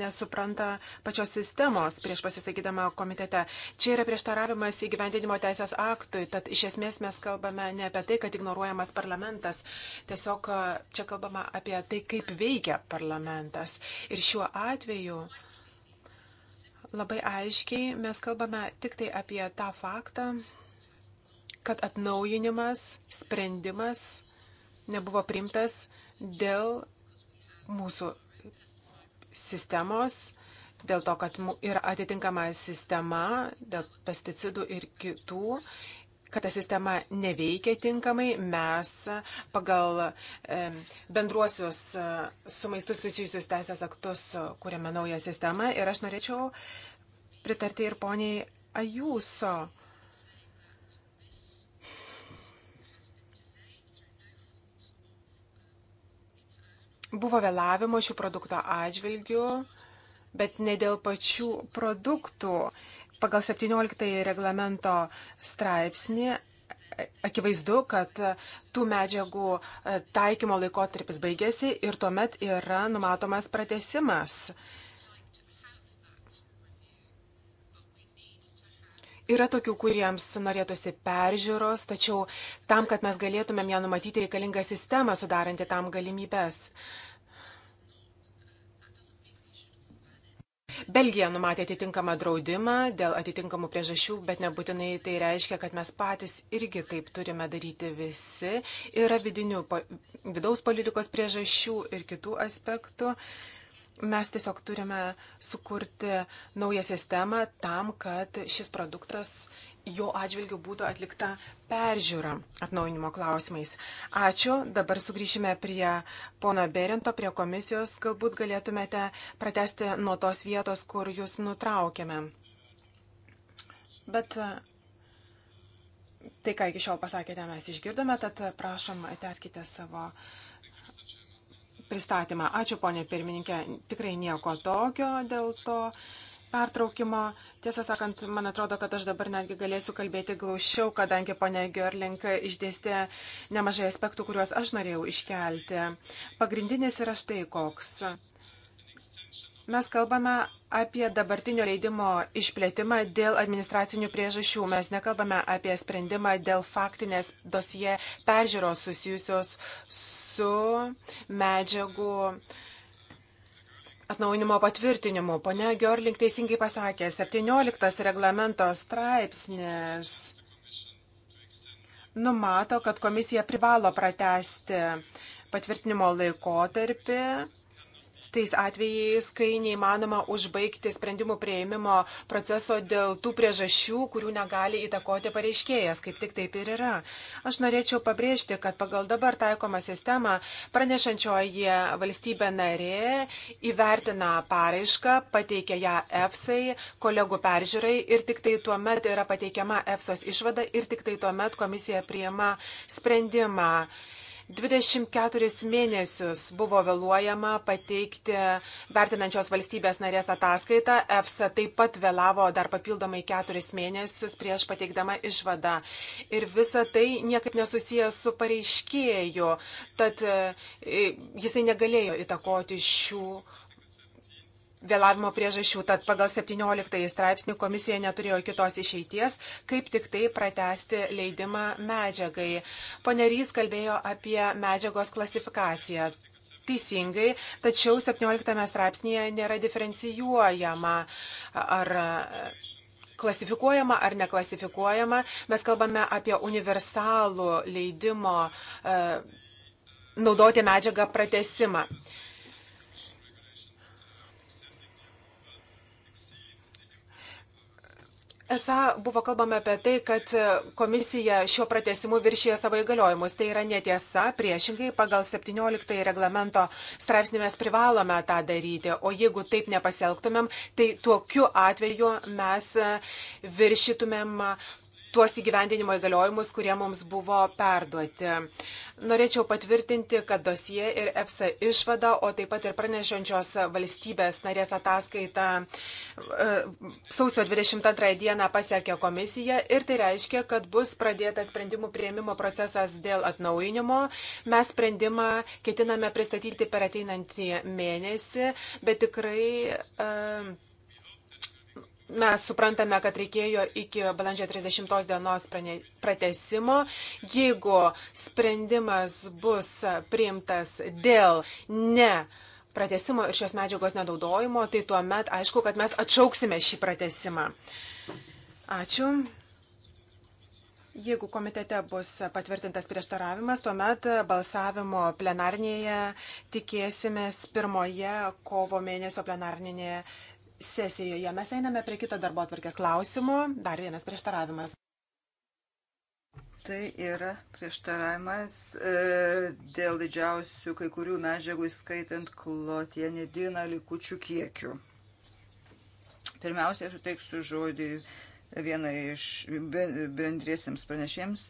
S3: nesupranta pačios sistemos prieš pasisakydama komitete. Čia yra prieštaravimas įgyvendinimo teisės aktui, tad iš esmės mes kalbame ne apie tai, kad ignoruojamas parlamentas, tiesiog čia kalbama apie tai, kaip veikia parlamentas. Ir šiuo atveju labai aiškiai mes kalbame tik tai apie tą faktą, kad atnaujinimas, sprendimas nebuvo primtas dėl mūsų sistemos, dėl to, kad yra atitinkama sistema, dėl pesticidų ir kitų, kad ta sistema neveikia tinkamai, mes pagal bendruosius su maistu susijusius teisės aktus kūrėme naują sistemą ir aš norėčiau pritarti ir poniai Ajuso. Buvo vėlavimo šių produktų atžvilgių, bet ne dėl pačių produktų. Pagal 17 reglamento straipsnį akivaizdu, kad tų medžiagų taikymo laikotarpis baigėsi ir tuomet yra numatomas pratesimas. Yra tokių, kuriems norėtųsi peržiūros, tačiau tam, kad mes galėtumėm ją numatyti, reikalinga sistema sudaranti tam galimybės. Belgija numatė atitinkamą draudimą dėl atitinkamų priežasčių, bet nebūtinai tai reiškia, kad mes patys irgi taip turime daryti visi. Yra vidinių, vidaus politikos priežasčių ir kitų aspektų. Uh, mes tiesiog turime sukurti naują sistemą tam, kad šis produktas jo atžvilgių būtų atlikta peržiūra atnaujinimo klausimais. Ačiū. Dabar sugrįšime prie pono Berinto, prie komisijos. Galbūt galėtumėte pratesti nuo tos vietos, kur jūs nutraukėme. Bet e, tai, ką iki šiol pasakėte, mes išgirdome, tad prašom, teskite savo uh, pristatymą. Ačiū, ponė pirmininkė, tikrai nieko tokio dėl to pertraukimo. Tiesą sakant, man atrodo, kad aš dabar netgi galėsiu kalbėti glaušiau, kadangi ponė Gerlink išdėstė nemažai aspektų, kuriuos aš norėjau iškelti. Pagrindinis yra štai koks. Mes kalbame apie dabartinio leidimo išplėtimą dėl administracinių priežasčių. Mes nekalbame apie sprendimą dėl faktinės dosie peržiūros susijusios su medžiagų atnaujinimo patvirtinimu. Pone Giorlink teisingai pasakė, 17 reglamento straipsnis numato, kad komisija privalo pratesti patvirtinimo laikotarpį tais atvejais, kai neįmanoma užbaigti sprendimų prieimimo proceso dėl tų priežasčių, kurių negali įtakoti pareiškėjas, kaip tik taip ir yra. Aš norėčiau pabrėžti, kad pagal dabar taikomą sistemą pranešančioji valstybė narė įvertina paraišką, pateikia ją EFSAI, kolegų peržiūrai ir tik tai tuo met yra pateikiama EFSOS išvada ir tik tai tuo met komisija priema sprendimą sprendimą. 24 mėnesius buvo vėluojama pateikti vertinančios valstybės narės ataskaitą. EFSA taip pat vėlavo dar papildomai 4 mėnesius prieš pateikdama išvadą. Ir visa tai niekaip nesusijęs su pareiškėju, tad e, jisai negalėjo įtakoti šių vėlavimo priežasčių, tad pagal 17 straipsnį komisija neturėjo kitos išeities, kaip tik tai pratesti leidimą medžiagai. Panerys kalbėjo apie medžiagos klasifikaciją. Teisingai, tačiau 17 straipsnėje nėra diferencijuojama ar klasifikuojama ar neklasifikuojama. Mes kalbame apie universalų leidimo e, naudoti medžiagą pratesimą. Esą buvo kalbama apie tai, kad komisija šiuo pratesimu viršyje savo įgaliojimus. Tai yra netiesa, priešingai pagal 17 reglamento straipsnį mes privalome tą daryti, o jeigu taip nepasielgtumėm, tai tokiu atveju mes viršytumėm tuos įgyvendinimo įgaliojimus, kurie mums buvo perduoti. Norėčiau patvirtinti, kad dosie ir EFSA išvada, o taip pat ir pranešančios valstybės narės ataskaita e, sausio 22 dieną pasiekė komisiją ir tai reiškia, kad bus pradėtas sprendimų prieimimo procesas dėl atnaujinimo. Mes sprendimą ketiname pristatyti per ateinantį mėnesį, bet tikrai uh, mes suprantame, kad reikėjo iki balandžio 30 dienos pratesimo. Jeigu sprendimas bus priimtas dėl ne pratesimo ir šios medžiagos nedaudojimo, tai tuo met aišku, kad mes atšauksime šį pratesimą. Ačiū. Jeigu komitete bus patvirtintas prieštaravimas, tuomet balsavimo plenarnėje tikėsimės pirmoje kovo mėnesio plenarnėje sesijoje. Mes einame prie kito darbo atvarkės klausimo. Dar vienas prieštaravimas.
S2: Tai yra prieštaravimas e, dėl didžiausių kai kurių medžiagų, įskaitant klotienidiną likučių kiekių. Pirmiausia, suteiksiu žodį vieną iš bendriesiams pranešėms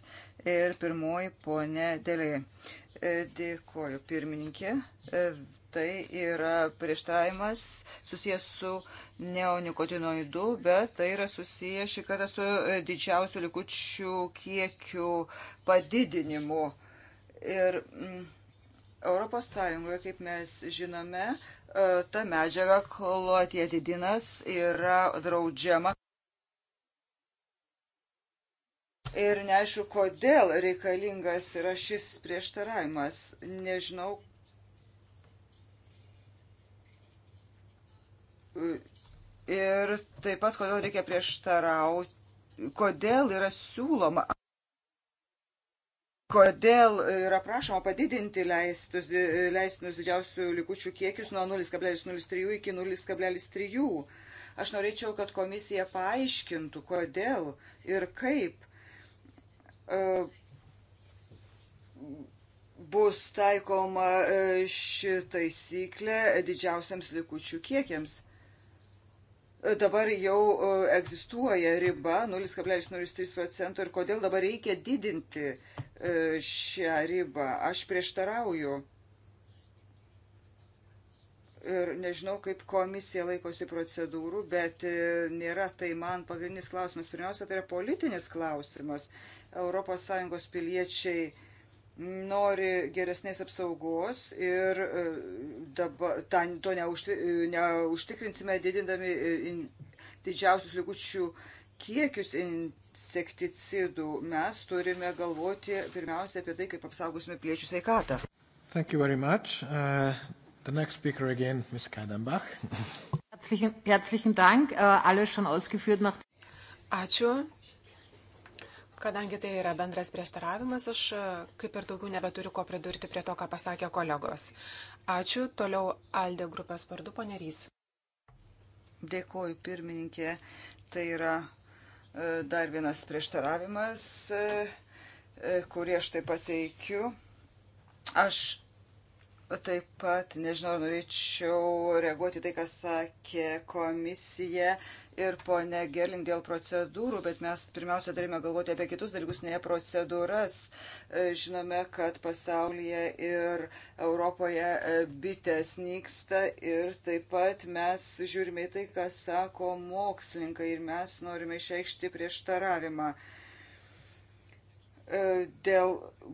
S2: ir pirmoji ponė Deliai. E, dėkoju pirmininkė. E, tai yra prieštaravimas susijęs su neonikotinoidu, bet tai yra susijęs šį kartą su e, didžiausiu likučių kiekiu padidinimu. Ir mm, Europos Sąjungoje, kaip mes žinome, e, ta medžiaga klotietidinas yra draudžiama. Ir neaišku, kodėl reikalingas yra šis prieštaravimas. Nežinau, Ir taip pat, kodėl reikia prieštarauti, kodėl yra siūloma, kodėl yra prašoma padidinti leistus, leistinus didžiausių likučių kiekius nuo 0,03 iki 0,3. Aš norėčiau, kad komisija paaiškintų, kodėl ir kaip e, bus taikoma e, ši taisyklė didžiausiams likučių kiekiams dabar jau e, egzistuoja riba 0,03 procento ir kodėl dabar reikia didinti e, šią ribą. Aš prieštarauju. Ir nežinau, kaip komisija laikosi procedūrų, bet e, nėra tai man pagrindinis klausimas. Pirmiausia, tai yra politinis klausimas. ES piliečiai nori geresnės apsaugos ir e, dabar ten, to neužtvi, e, neužtikrinsime didindami e, in, didžiausius likučių kiekius insekticidų. Mes turime galvoti pirmiausia apie tai, kaip
S1: apsaugosime piliečių sveikatą. Thank you very much. Uh, the next speaker again, Ms. Kadenbach. Herzlichen, herzlichen Dank. Uh, alle schon ausgeführt nach.
S3: Ačiū Kadangi tai yra bendras prieštaravimas, aš e, kaip ir daugiau nebeturiu ko pridurti prie to, ką pasakė kolegos. Ačiū. Toliau Aldė grupės vardu, ponerys. Dėkuoju, pirmininkė. Tai yra e,
S2: dar vienas prieštaravimas, e, kurį aš taip pat teikiu. Aš taip pat, nežinau, norėčiau reaguoti tai, ką sakė komisija ir ponė Gerling dėl procedūrų, bet mes pirmiausia turime galvoti apie kitus dalykus, ne procedūras. E, žinome, kad pasaulyje ir Europoje e, bitės nyksta ir taip pat mes žiūrime į tai, ką sako mokslininkai ir mes norime išreikšti prieštaravimą e, dėl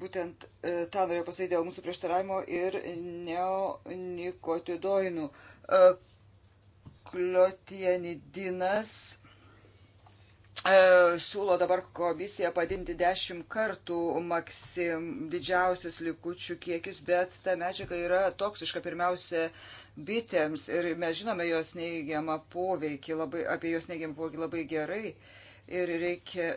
S2: būtent tą norėjau pasakyti dėl mūsų prieštaravimo ir neonikotidoinų. Kliotienidinas e, siūlo dabar komisija padinti 10 kartų maksim didžiausius likučių kiekius, bet ta medžiaga yra toksiška pirmiausia bitėms ir mes žinome jos neigiamą poveikį, labai, apie jos neigiamą poveikį labai gerai ir reikia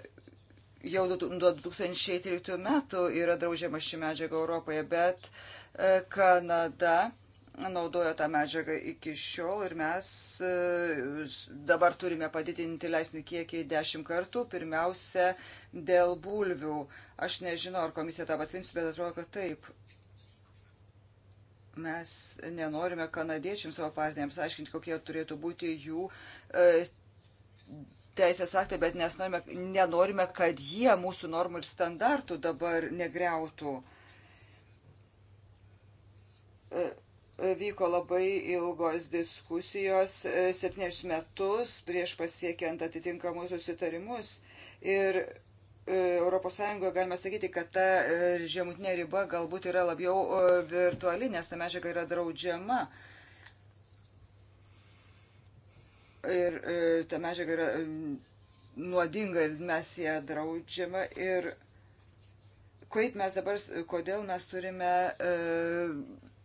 S2: jau nuo 2013 metų yra draudžiama ši medžiaga Europoje, bet e, Kanada naudojo tą medžiagą iki šiol ir mes e, dabar turime padidinti leisnį kiekį 10 kartų, pirmiausia dėl bulvių. Aš nežinau, ar komisija tą patvirtins, bet atrodo, kad taip. Mes nenorime kanadiečiams savo partneriams aiškinti, kokie turėtų būti jų e, teisės aktai, bet mes norime, nenorime, kad jie mūsų normų ir standartų dabar negriautų. Uh vyko labai ilgos diskusijos e, septynerius metus prieš pasiekiant atitinkamus susitarimus. Ir ES galime sakyti, kad ta e, žemutinė riba galbūt yra labiau e, virtuali, nes ta medžiaga yra draudžiama. Ir ta medžiaga yra nuodinga ir mes ją draudžiama. Ir kaip mes dabar, kodėl mes turime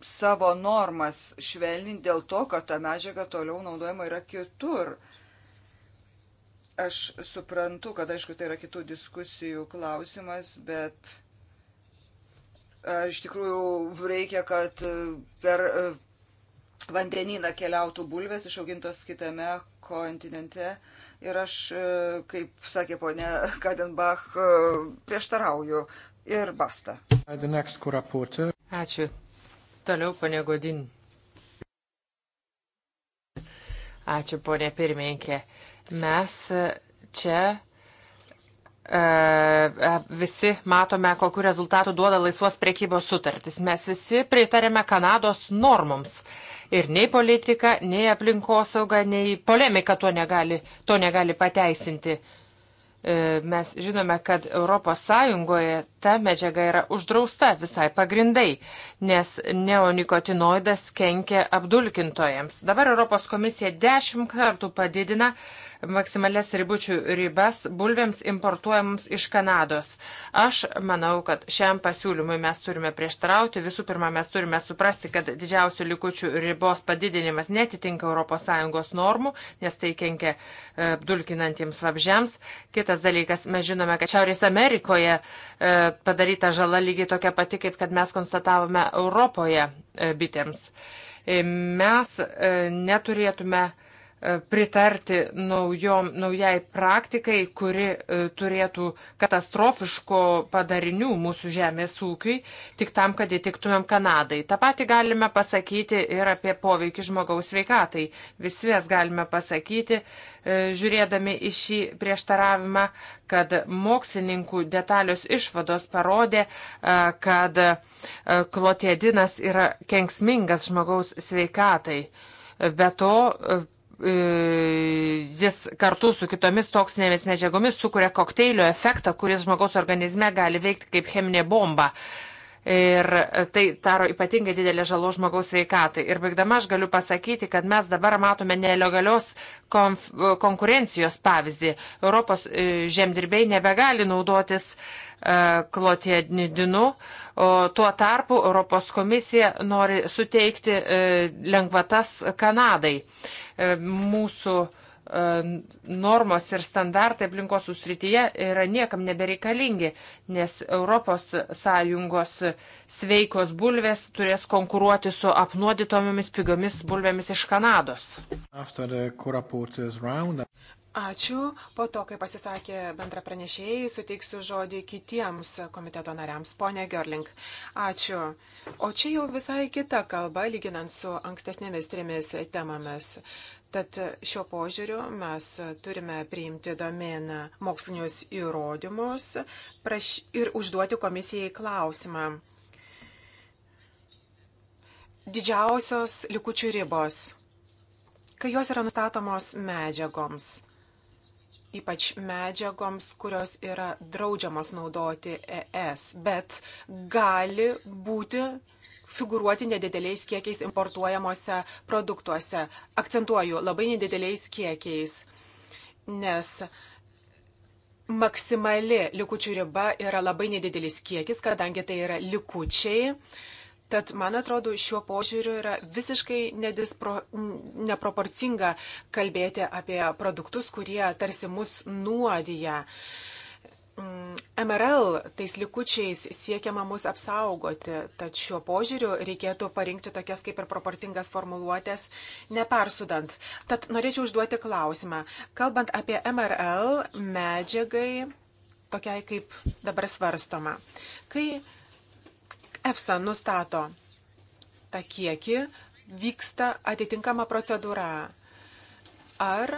S2: savo normas švelninti dėl to, kad ta medžiaga toliau naudojama yra kitur. Aš suprantu, kad aišku tai yra kitų diskusijų klausimas, bet ar e, iš tikrųjų reikia, kad e, per e, vandenyną keliautų bulvės išaugintos kitame kontinente. Ir aš, kaip sakė ponė Kadenbach, prieštarauju ir basta.
S1: Ačiū. Toliau ponė Godin. Ačiū ponė pirmininkė. Mes čia e, e, visi matome, kokiu rezultatu duoda laisvos priekybos sutartis. Mes visi pritarėme Kanados normoms. Ir nei politika, nei aplinkosauga, nei polemika to negali, to negali pateisinti. E, mes žinome, kad ES ta medžiaga yra uždrausta visai pagrindai, nes neonikotinoidas kenkia apdulkintojams. Dabar ES komisija dešimt kartų padidina maksimalias ribučių ribas bulvėms importuojams iš Kanados. Aš manau, kad šiam pasiūlymui mes turime prieštarauti. Visų pirma, mes turime suprasti, kad didžiausių likučių ribos padidinimas netitinka ES normų, nes tai kenkia apdulkinantiems e, vabžiams. Kitas dalykas, mes žinome, kad Šiaurės Amerikoje e, padaryta žala lygiai tokia pati, kaip kad mes konstatavome Europoje e, bitėms. Mes neturėtume uh, E, pritarti naujom, naujai praktikai, kuri e, turėtų katastrofiško padarinių mūsų žemės ūkiui, tik tam, kad įtiktumėm Kanadai. Ta pati galime pasakyti ir apie poveikį žmogaus veikatai. Visi jas galime pasakyti, e, žiūrėdami į šį prieštaravimą, kad mokslininkų detalios išvados parodė, kad klotiedinas yra kenksmingas žmogaus sveikatai. Be to, E, jis kartu su kitomis toksinėmis medžiagomis sukuria kokteilio efektą, kuris žmogaus organizme gali veikti kaip cheminė bomba. Ir tai daro ypatingai didelę žalą žmogaus veikatai. Ir baigdama aš galiu pasakyti, kad mes dabar matome nelegalios konf, konkurencijos pavyzdį. Europos e, žemdirbiai nebegali naudotis uh, e, klotiedinidinu, o tuo tarpu Europos komisija nori suteikti uh, lengvatas Kanadai. Uh, E, mūsų e, normos ir standartai aplinkos susrityje yra niekam nebereikalingi, nes ES sveikos bulvės turės konkuruoti su apnuodytomis pigiomis bulvėmis iš
S3: Kanados. Ačiū. Po to, kai pasisakė bendra pranešėjai, suteiksiu žodį kitiems komiteto nariams. Pone Gerling, ačiū. O čia jau visai kita kalba, lyginant su ankstesnėmis trimis temomis. Tad šiuo požiūriu mes turime priimti domen mokslinius įrodymus praš... ir užduoti komisijai klausimą. Didžiausios likučių ribos kai jos yra nustatomos medžiagoms ypač medžiagoms, kurios yra draudžiamos naudoti ES, bet gali būti figuruoti nedideliais kiekiais importuojamuose produktuose. Akcentuoju, labai nedideliais kiekiais, nes maksimali likučių riba yra labai nedidelis kiekis, kadangi tai yra likučiai Tad, man atrodo, šiuo požiūriu yra visiškai nedispro, neproporcinga kalbėti apie produktus, kurie tarsi mus nuodija. MRL mm, tais likučiais siekiama mus apsaugoti, tad šiuo požiūriu reikėtų parinkti tokias kaip ir proporcingas formuluotės, nepersudant. Tad norėčiau užduoti klausimą. Kalbant apie MRL medžiagai, tokiai kaip dabar svarstoma, kai EFSA nustato tą kiekį, vyksta atitinkama procedūra. Ar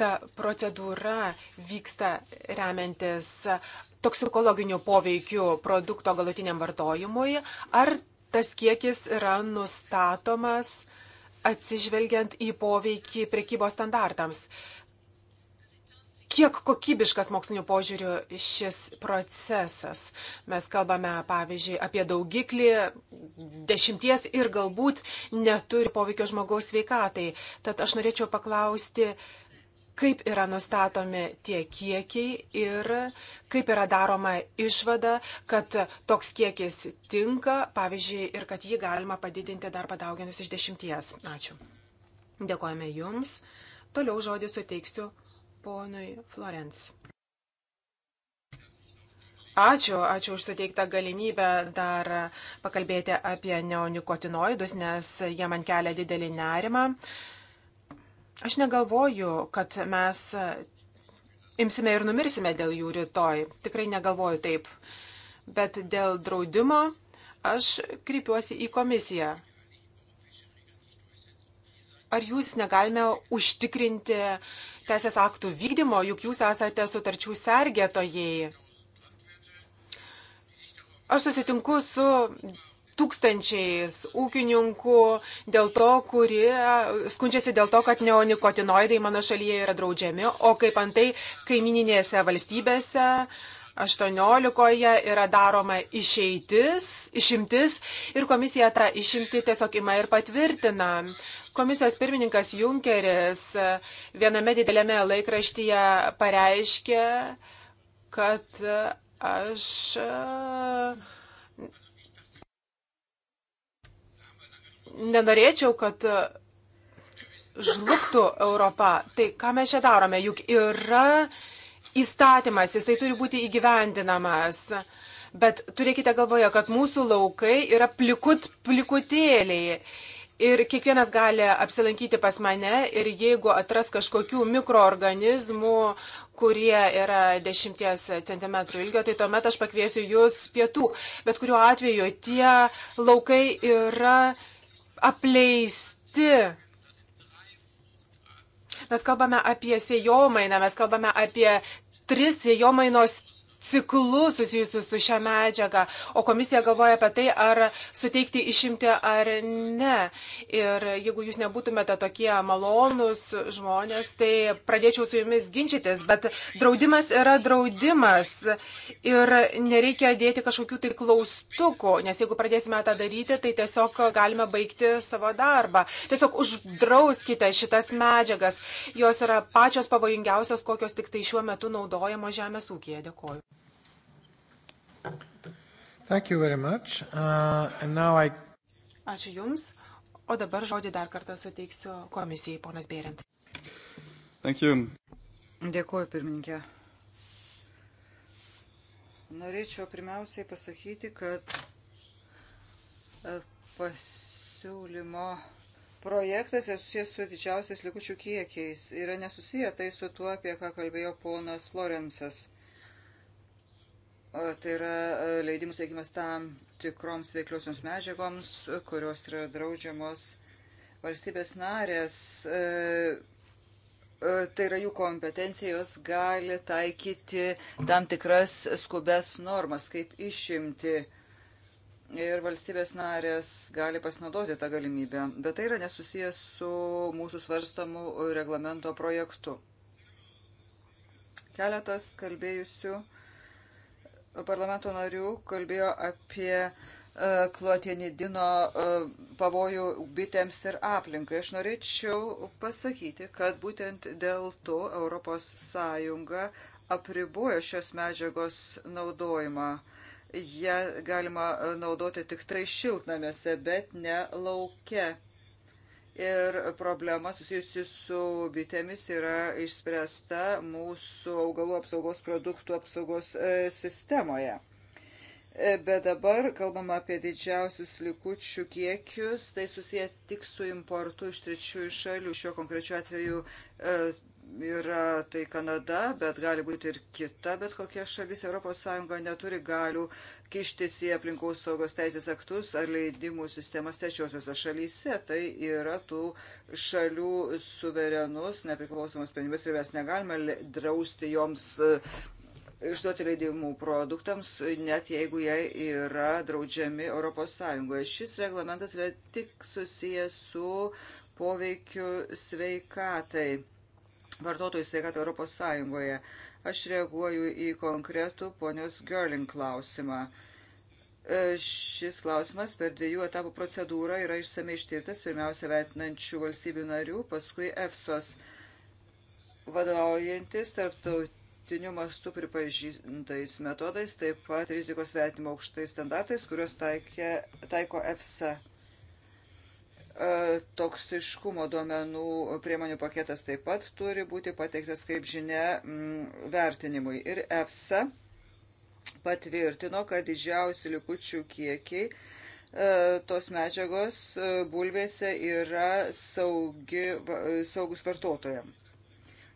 S3: ta procedūra vyksta remiantis toksikologiniu poveikiu produkto galutiniam vartojimui, ar tas kiekis yra nustatomas atsižvelgiant į poveikį prekybos standartams kiek kokybiškas mokslinių požiūrių šis procesas. Mes kalbame, pavyzdžiui, apie daugiklį dešimties ir galbūt neturi poveikio žmogaus veikatai. Tad aš norėčiau paklausti, kaip yra nustatomi tie kiekiai ir kaip yra daroma išvada, kad toks kiekis tinka, pavyzdžiui, ir kad jį galima padidinti dar padauginus iš dešimties. Ačiū. Dėkojame Jums. Toliau žodį suteiksiu ponui Florence. Ačiū, ačiū už suteiktą galimybę dar pakalbėti apie neonikotinoidus, nes jie man kelia didelį nerimą. Aš negalvoju, kad mes imsime ir numirsime dėl jų rytoj. Tikrai negalvoju taip. Bet dėl draudimo aš kreipiuosi į komisiją. Ar jūs negalime užtikrinti teisės aktų vykdymo, juk jūs esate sutarčių sergėtojai. Aš susitinku su tūkstančiais ūkininkų dėl to, kurie skundžiasi dėl to, kad neonikotinoidai mano šalyje yra draudžiami, o kaip antai kaimininėse valstybėse uh, 18 yra daroma išeitis, išimtis ir komisija tą išimtį tiesiog ima ir patvirtina. Komisijos pirmininkas Junkeris e, viename didelėme laikraštyje pareiškė, kad e, aš. E, nenorėčiau, kad žlugtų Europa. Tai ką mes čia darome? Juk yra uh, įstatymas, jisai turi būti įgyvendinamas. Bet turėkite galvoje, kad mūsų laukai yra plikut, plikutėliai. Ir kiekvienas gali apsilankyti pas mane ir jeigu atras kažkokių mikroorganizmų, kurie yra 10 cm ilgio, tai tuomet aš pakviesiu jūs pietų. Bet kuriuo atveju tie laukai yra apleisti Mes kalbame apie sėjomainą, mes kalbame apie tris sėjomainos ciklu susijusiu su šią medžiagą, o komisija galvoja apie tai, ar suteikti išimti ar ne. Ir jeigu jūs nebūtumėte tokie malonūs žmonės, tai pradėčiau su jumis ginčytis, bet draudimas yra draudimas ir nereikia dėti kažkokių tai klaustukų, nes jeigu pradėsime tą daryti, tai tiesiog galime baigti savo darbą. Tiesiog uždrauskite šitas medžiagas, jos yra pačios pavojingiausios, kokios tik tai šiuo metu naudojamos žemės ūkija. Dėkuoju.
S1: Thank you very much. Uh, and now I...
S3: Ačiū Jums. O dabar žodį dar kartą suteiksiu komisijai, ponas Bėrint. Thank you. Dėkuoju, pirmininkė.
S2: Norėčiau pirmiausiai pasakyti, kad e, pasiūlymo projektas yra susijęs su didžiausiais likučių kiekiais. Yra nesusiję tai su tuo, apie ką kalbėjo ponas Florensas. Tai yra e, leidimų teikimas tam tikroms veikliosioms medžiagoms, kurios yra draudžiamos valstybės narės. E, e, tai yra jų kompetencijos gali taikyti tam tikras skubes normas, kaip išimti ir valstybės narės gali pasinaudoti tą galimybę. Bet tai yra nesusijęs su mūsų svarstamu reglamento projektu. Keletas kalbėjusių parlamento narių kalbėjo apie e, klotienidino e, pavojų bitėms ir aplinkai. Aš norėčiau pasakyti, kad būtent dėl to ES apribojo šios medžiagos naudojimą. Ja galima e, naudoti tik tai šiltnamėse, bet ne lauke ir problema susijusi su bitėmis yra išspręsta mūsų augalų apsaugos produktų apsaugos e, sistemoje. E, bet dabar kalbama apie didžiausius likučių kiekius, tai susiję tik su importu iš trečiųjų šalių. Šiuo konkrečiu atveju e, yra tai Kanada, bet gali būti ir kita, bet kokia šalis ES neturi galių kištis į aplinkos saugos teisės aktus ar leidimų sistemas trečiosiuose šalyse. Tai yra tų šalių suverenus, nepriklausomas sprendimas ir mes negalime drausti joms e, išduoti leidimų produktams, net jeigu jie yra draudžiami ES. Šis reglamentas yra tik susijęs su poveikiu sveikatai vartotojų sveikatą Europos Sąjungoje. Aš reaguoju į konkretų ponios Gerling klausimą. E, šis klausimas per dviejų etapų procedūrą yra išsamei ištirtas, pirmiausia, vertinančių valstybių narių, paskui EFSOS vadovaujantis tarptautiniu mastu pripažintais metodais, taip pat rizikos vertimo aukštais standartais, kuriuos taikė, taiko EFSA E, toksiškumo duomenų priemonių paketas taip pat turi būti pateiktas, kaip žinia, mm, vertinimui. Ir EFSA patvirtino, kad didžiausi likučių kiekiai e, tos medžiagos e, bulvėse yra saugi, saugus vartotojams.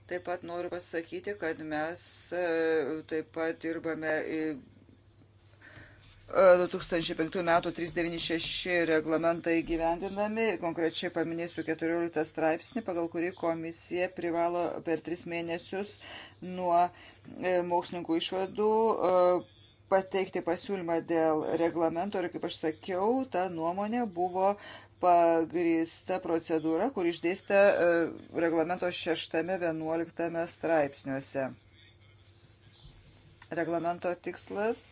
S2: Taip pat noriu pasakyti, kad mes taip pat dirbame 2005 m. 396 reglamentai gyvendinami, konkrečiai paminėsiu 14 straipsnį, pagal kurį komisija privalo per 3 mėnesius nuo e, mokslininkų išvadų e, pateikti pasiūlymą dėl reglamento ir, kaip aš sakiau, ta nuomonė buvo pagrįsta procedūra, kur išdėsta e, reglamento 6-11 straipsniuose. Reglamento tikslas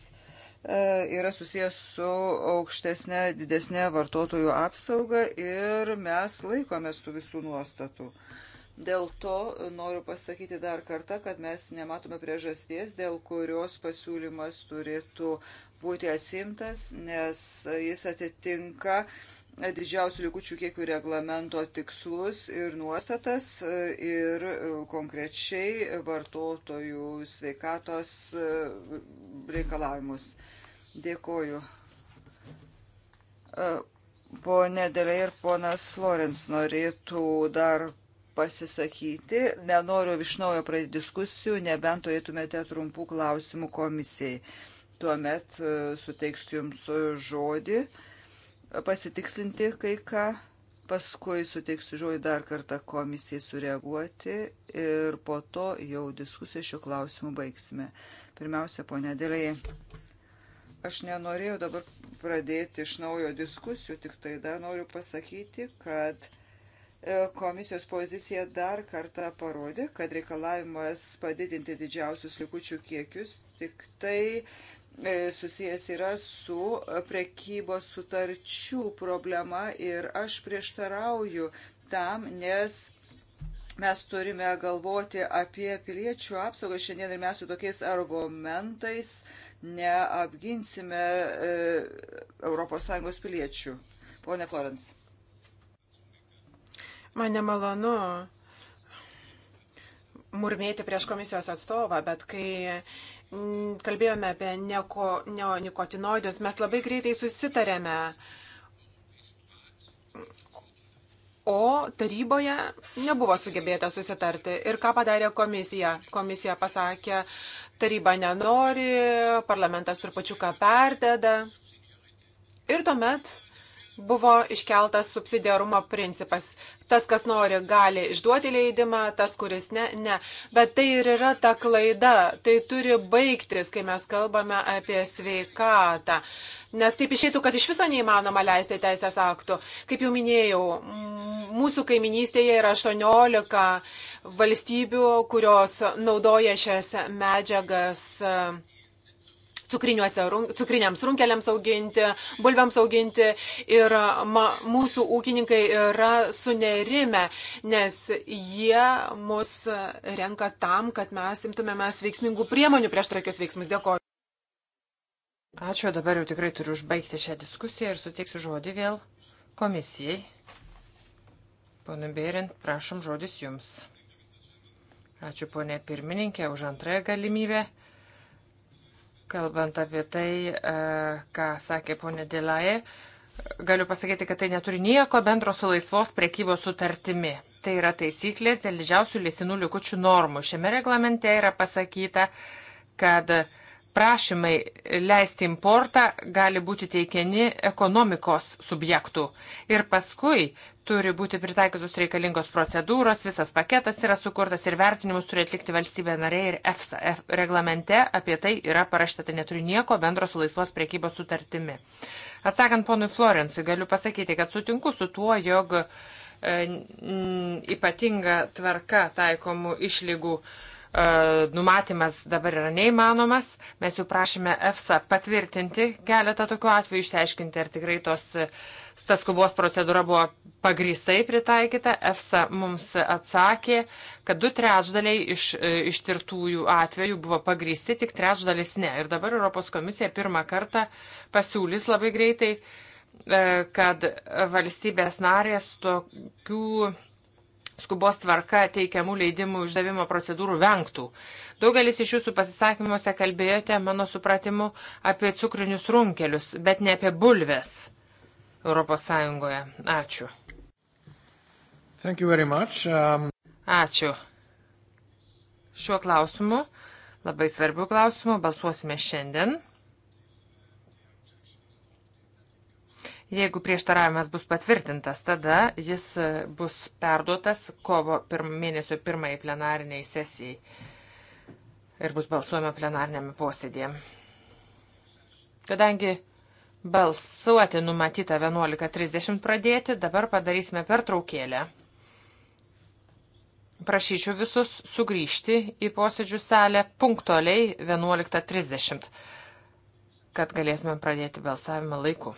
S2: E, yra susijęs su aukštesnė, didesnė vartotojų apsauga ir mes laikomės tų visų nuostatų. Dėl to noriu pasakyti dar kartą, kad mes nematome priežasties, dėl kurios pasiūlymas turėtų būti atsimtas, nes jis atitinka didžiausių likučių kiekių reglamento tikslus ir nuostatas ir konkrečiai vartotojų sveikatos reikalavimus. Dėkoju. E, Pone Delė ir ponas Florens norėtų dar pasisakyti. Nenoriu iš naujo pradėti diskusijų, nebent turėtumėte trumpų klausimų komisijai. Tuomet e, suteiksiu jums žodį pasitikslinti kai ką, paskui suteiksiu žodį dar kartą komisijai sureaguoti ir po to jau diskusiją šiuo klausimu baigsime. Pirmiausia, ponė Dėlėje. Aš nenorėjau dabar pradėti iš naujo diskusijų, tik tai dar noriu pasakyti, kad e, komisijos pozicija dar kartą parodė, kad reikalavimas padidinti didžiausius likučių kiekius tik tai e, susijęs yra su prekybos sutarčių problema ir aš prieštarauju tam, nes mes turime galvoti apie piliečių apsaugą šiandien ir mes su tokiais argumentais neapginsime ES piliečių. Pone Florence.
S3: Man nemalonu murmėti prieš komisijos atstovą, bet kai mm, kalbėjome apie neko, neonikotinoidus, mes labai greitai susitarėme. Uh, o taryboje nebuvo sugebėta susitarti. Ir ką padarė komisija? Komisija pasakė, taryba nenori, parlamentas trupačiuką perdeda. Ir tuomet buvo iškeltas subsidiarumo principas. Tas, kas nori, gali išduoti leidimą, tas, kuris ne, ne. Bet tai ir yra ta klaida. Tai turi baigtis, kai mes kalbame apie sveikatą. Nes taip išėtų, kad iš viso neįmanoma leisti teisės aktų. Kaip jau minėjau, mūsų kaiminystėje yra 18 valstybių, kurios naudoja šias medžiagas run, cukriniams runkeliams auginti, bulviams auginti. Ir ma, mūsų ūkininkai yra sunerime, nes jie mus renka tam, kad mes imtumėmės veiksmingų priemonių prieš tokius veiksmus. Dėkoju.
S1: Ačiū, dabar jau tikrai turiu užbaigti šią diskusiją ir suteiksiu žodį vėl komisijai. Pone Bėrint, prašom žodis jums. Ačiū ponė pirmininkė už antrąją galimybę Kalbant apie tai, e, ką sakė ponė Dėlaje, galiu pasakyti, kad tai neturi nieko bendro su laisvos priekybos sutartimi. Tai yra taisyklės dėl didžiausių leisinų likučių normų. Šiame reglamente yra pasakyta, kad uh, prašymai leisti importą gali būti teikiami ekonomikos subjektų. Ir paskui turi būti pritaikytos reikalingos procedūros, visas paketas yra sukurtas ir vertinimus turi atlikti valstybė narė ir EFSA. F reglamente apie tai yra parašyta, tai neturi nieko bendro su laisvos priekybos sutartimi. Atsakant ponui Florencijui, galiu pasakyti, kad sutinku su tuo, jog e, n, ypatinga tvarka taikomų išlygų e, E, numatymas dabar yra neįmanomas. Mes jau prašėme EFSA patvirtinti keletą tokių atvejų, išsiaiškinti, ar tikrai tos, tas skubos procedūra buvo pagrįstai pritaikyta. EFSA mums atsakė, kad du trečdaliai iš e, ištirtųjų atvejų buvo pagrįsti, tik trečdalis ne. Ir dabar Europos komisija pirmą kartą pasiūlys labai greitai e, kad valstybės narės tokių skubos tvarka teikiamų leidimų išdavimo procedūrų vengtų. Daugelis iš jūsų pasisakymuose kalbėjote, mano supratimu, apie cukrinius runkelius, bet ne apie bulves ES. Ačiū. Um... Ačiū. Šiuo klausimu, labai svarbiu klausimu, balsuosime šiandien. Jeigu prieštaravimas bus patvirtintas, tada jis e, bus perduotas kovo pirm, mėnesio pirmai plenariniai sesijai ir bus balsuojama plenarinėme posėdėje. Kadangi balsuoti numatyta 11.30 pradėti, dabar padarysime pertraukėlę. Prašyčiau visus sugrįžti į posėdžių salę punktualiai 11.30, kad galėtume pradėti balsavimą laiku.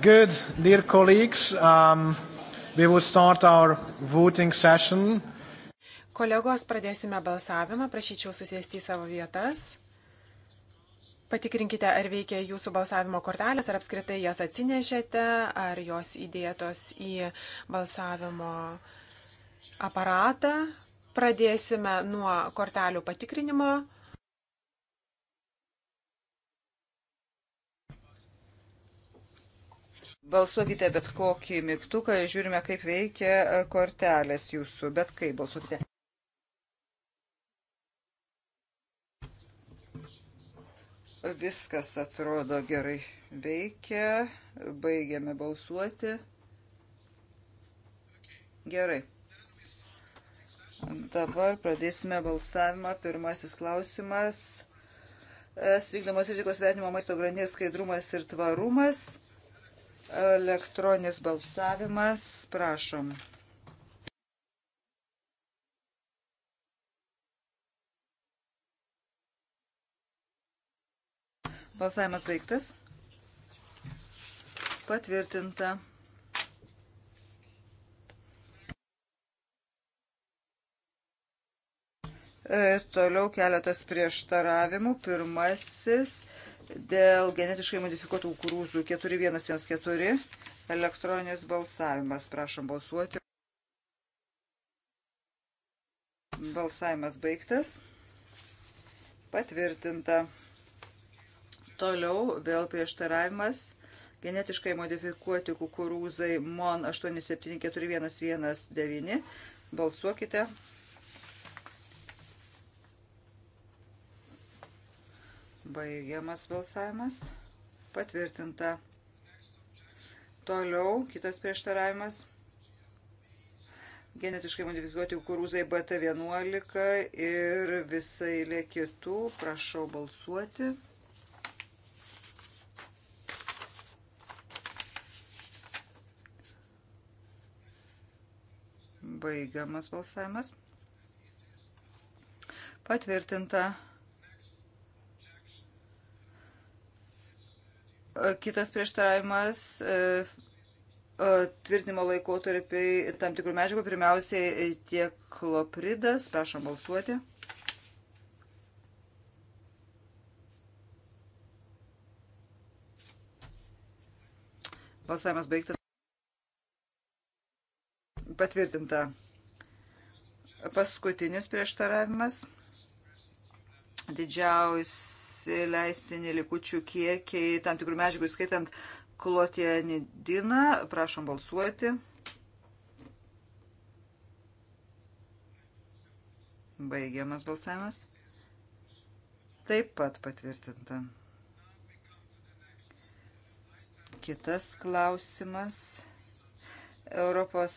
S1: Good, dear colleagues, um, we will start our voting session.
S3: Kolegos, pradėsime balsavimą, prašyčiau susėsti į savo vietas. Patikrinkite, ar veikia jūsų balsavimo kortelės, ar apskritai jas atsinešėte, ar jos įdėtos į balsavimo aparatą. Pradėsime nuo kortelių patikrinimo.
S2: Balsuokite bet kokį mygtuką, žiūrime, kaip veikia e, kortelės jūsų, bet kaip balsuokite. Viskas atrodo gerai veikia, baigiame balsuoti. Gerai. Dabar pradėsime balsavimą. Pirmasis klausimas. Svykdomos rizikos vertinimo maisto grandės skaidrumas ir tvarumas. Elektroninis balsavimas, prašom. Balsavimas baigtas. Patvirtinta. Ir e, toliau keletas prieštaravimų. Pirmasis – Dėl genetiškai modifikuotų kukurūzų 4114 elektroninis balsavimas. Prašom balsuoti. Balsavimas baigtas. Patvirtinta. Toliau vėl prieštaravimas. Genetiškai modifikuoti kukurūzai MON 874119. Balsuokite. Balsuokite. Baigiamas balsavimas. Patvirtinta. Toliau kitas prieštaravimas. Genetiškai modifikuoti kukurūzai BT11 ir visai lė kitų. Prašau balsuoti. Baigiamas balsavimas. Patvirtinta. E, kitas prieštaravimas e, e, tvirtinimo laikotarpiai tam tikrų medžiagų, pirmiausiai tiek klopridas, prašom balsuoti. Balsavimas baigtas. Patvirtinta. Paskutinis prieštaravimas. Didžiausias įsileistini likučių kiekiai tam tikrų medžiagų, skaitant klotienidiną. Prašom balsuoti. Baigiamas balsavimas. Taip pat patvirtinta. Kitas klausimas. ES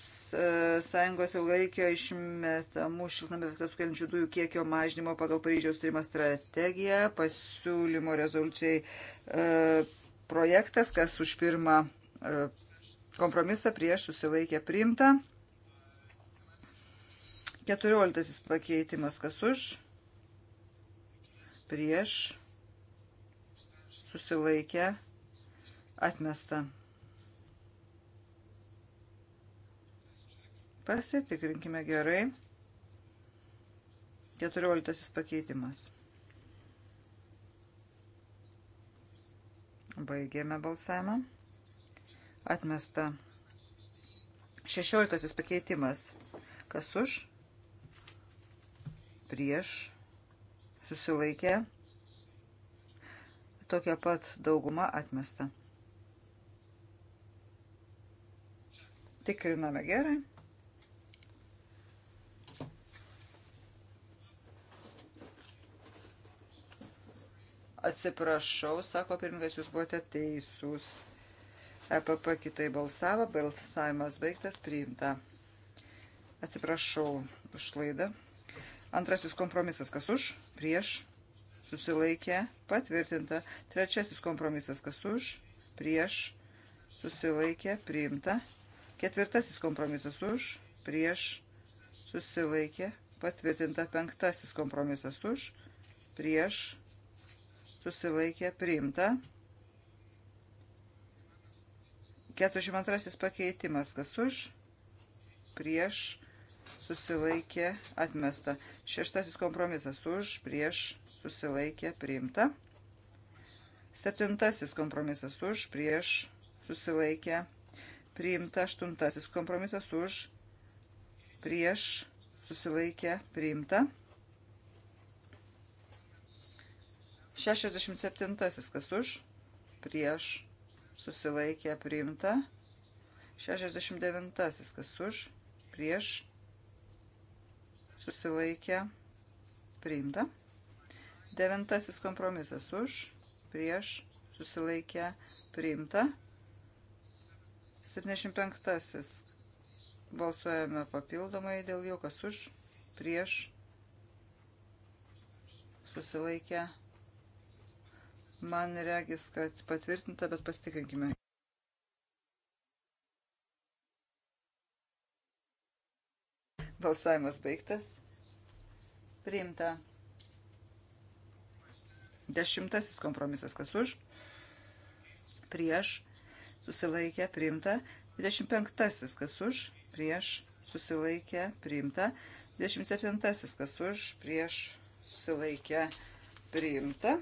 S2: e, ilgalaikio išmetamų šiltnamio efektą sukeliančių dujų kiekio mažnymo pagal Paryžiaus turimą strategiją, pasiūlymo rezoliucijai e, projektas, kas už pirmą e, kompromisą prieš susilaikė priimta. 14 pakeitimas, kas už prieš susilaikė atmesta. Pasitikrinkime gerai. 14 pakeitimas. Baigėme balsavimą. Atmesta. 16 pakeitimas. Kas už? Prieš. Susilaikė. Tokia pat dauguma atmesta. Tikriname gerai. Atsiprašau, sako pirmininkas, jūs buvote teisūs. EPP kitai balsavo, balsavimas baigtas, priimta. Atsiprašau už klaidą. Antrasis kompromisas, kas už, prieš, susilaikė, patvirtinta. Trečiasis kompromisas, kas už, prieš, susilaikė, priimta. Ketvirtasis kompromisas už, prieš, susilaikė, patvirtinta. Penktasis kompromisas už, prieš, susilaikė priimta. 42 pakeitimas, kas už, prieš, susilaikė atmesta. Šeštasis kompromisas už, prieš, susilaikė priimta. Septintasis kompromisas už, prieš, susilaikė priimta. Aštuntasis kompromisas už, prieš, susilaikė priimta. 67 kas už, prieš, susilaikė priimta. 69 kas už, prieš, susilaikė priimta. 9 kompromisas už, prieš, susilaikė priimta. 75 balsuojame papildomai dėl jo, kas už, prieš, susilaikė priimta Man regis, kad patvirtinta, bet pasitikinkime. Balsavimas baigtas. Priimta. Dešimtasis kompromisas, kas už, prieš, susilaikė, priimta. 25. kas už, prieš, susilaikė, priimta. 27. kas už, prieš, susilaikė, priimta.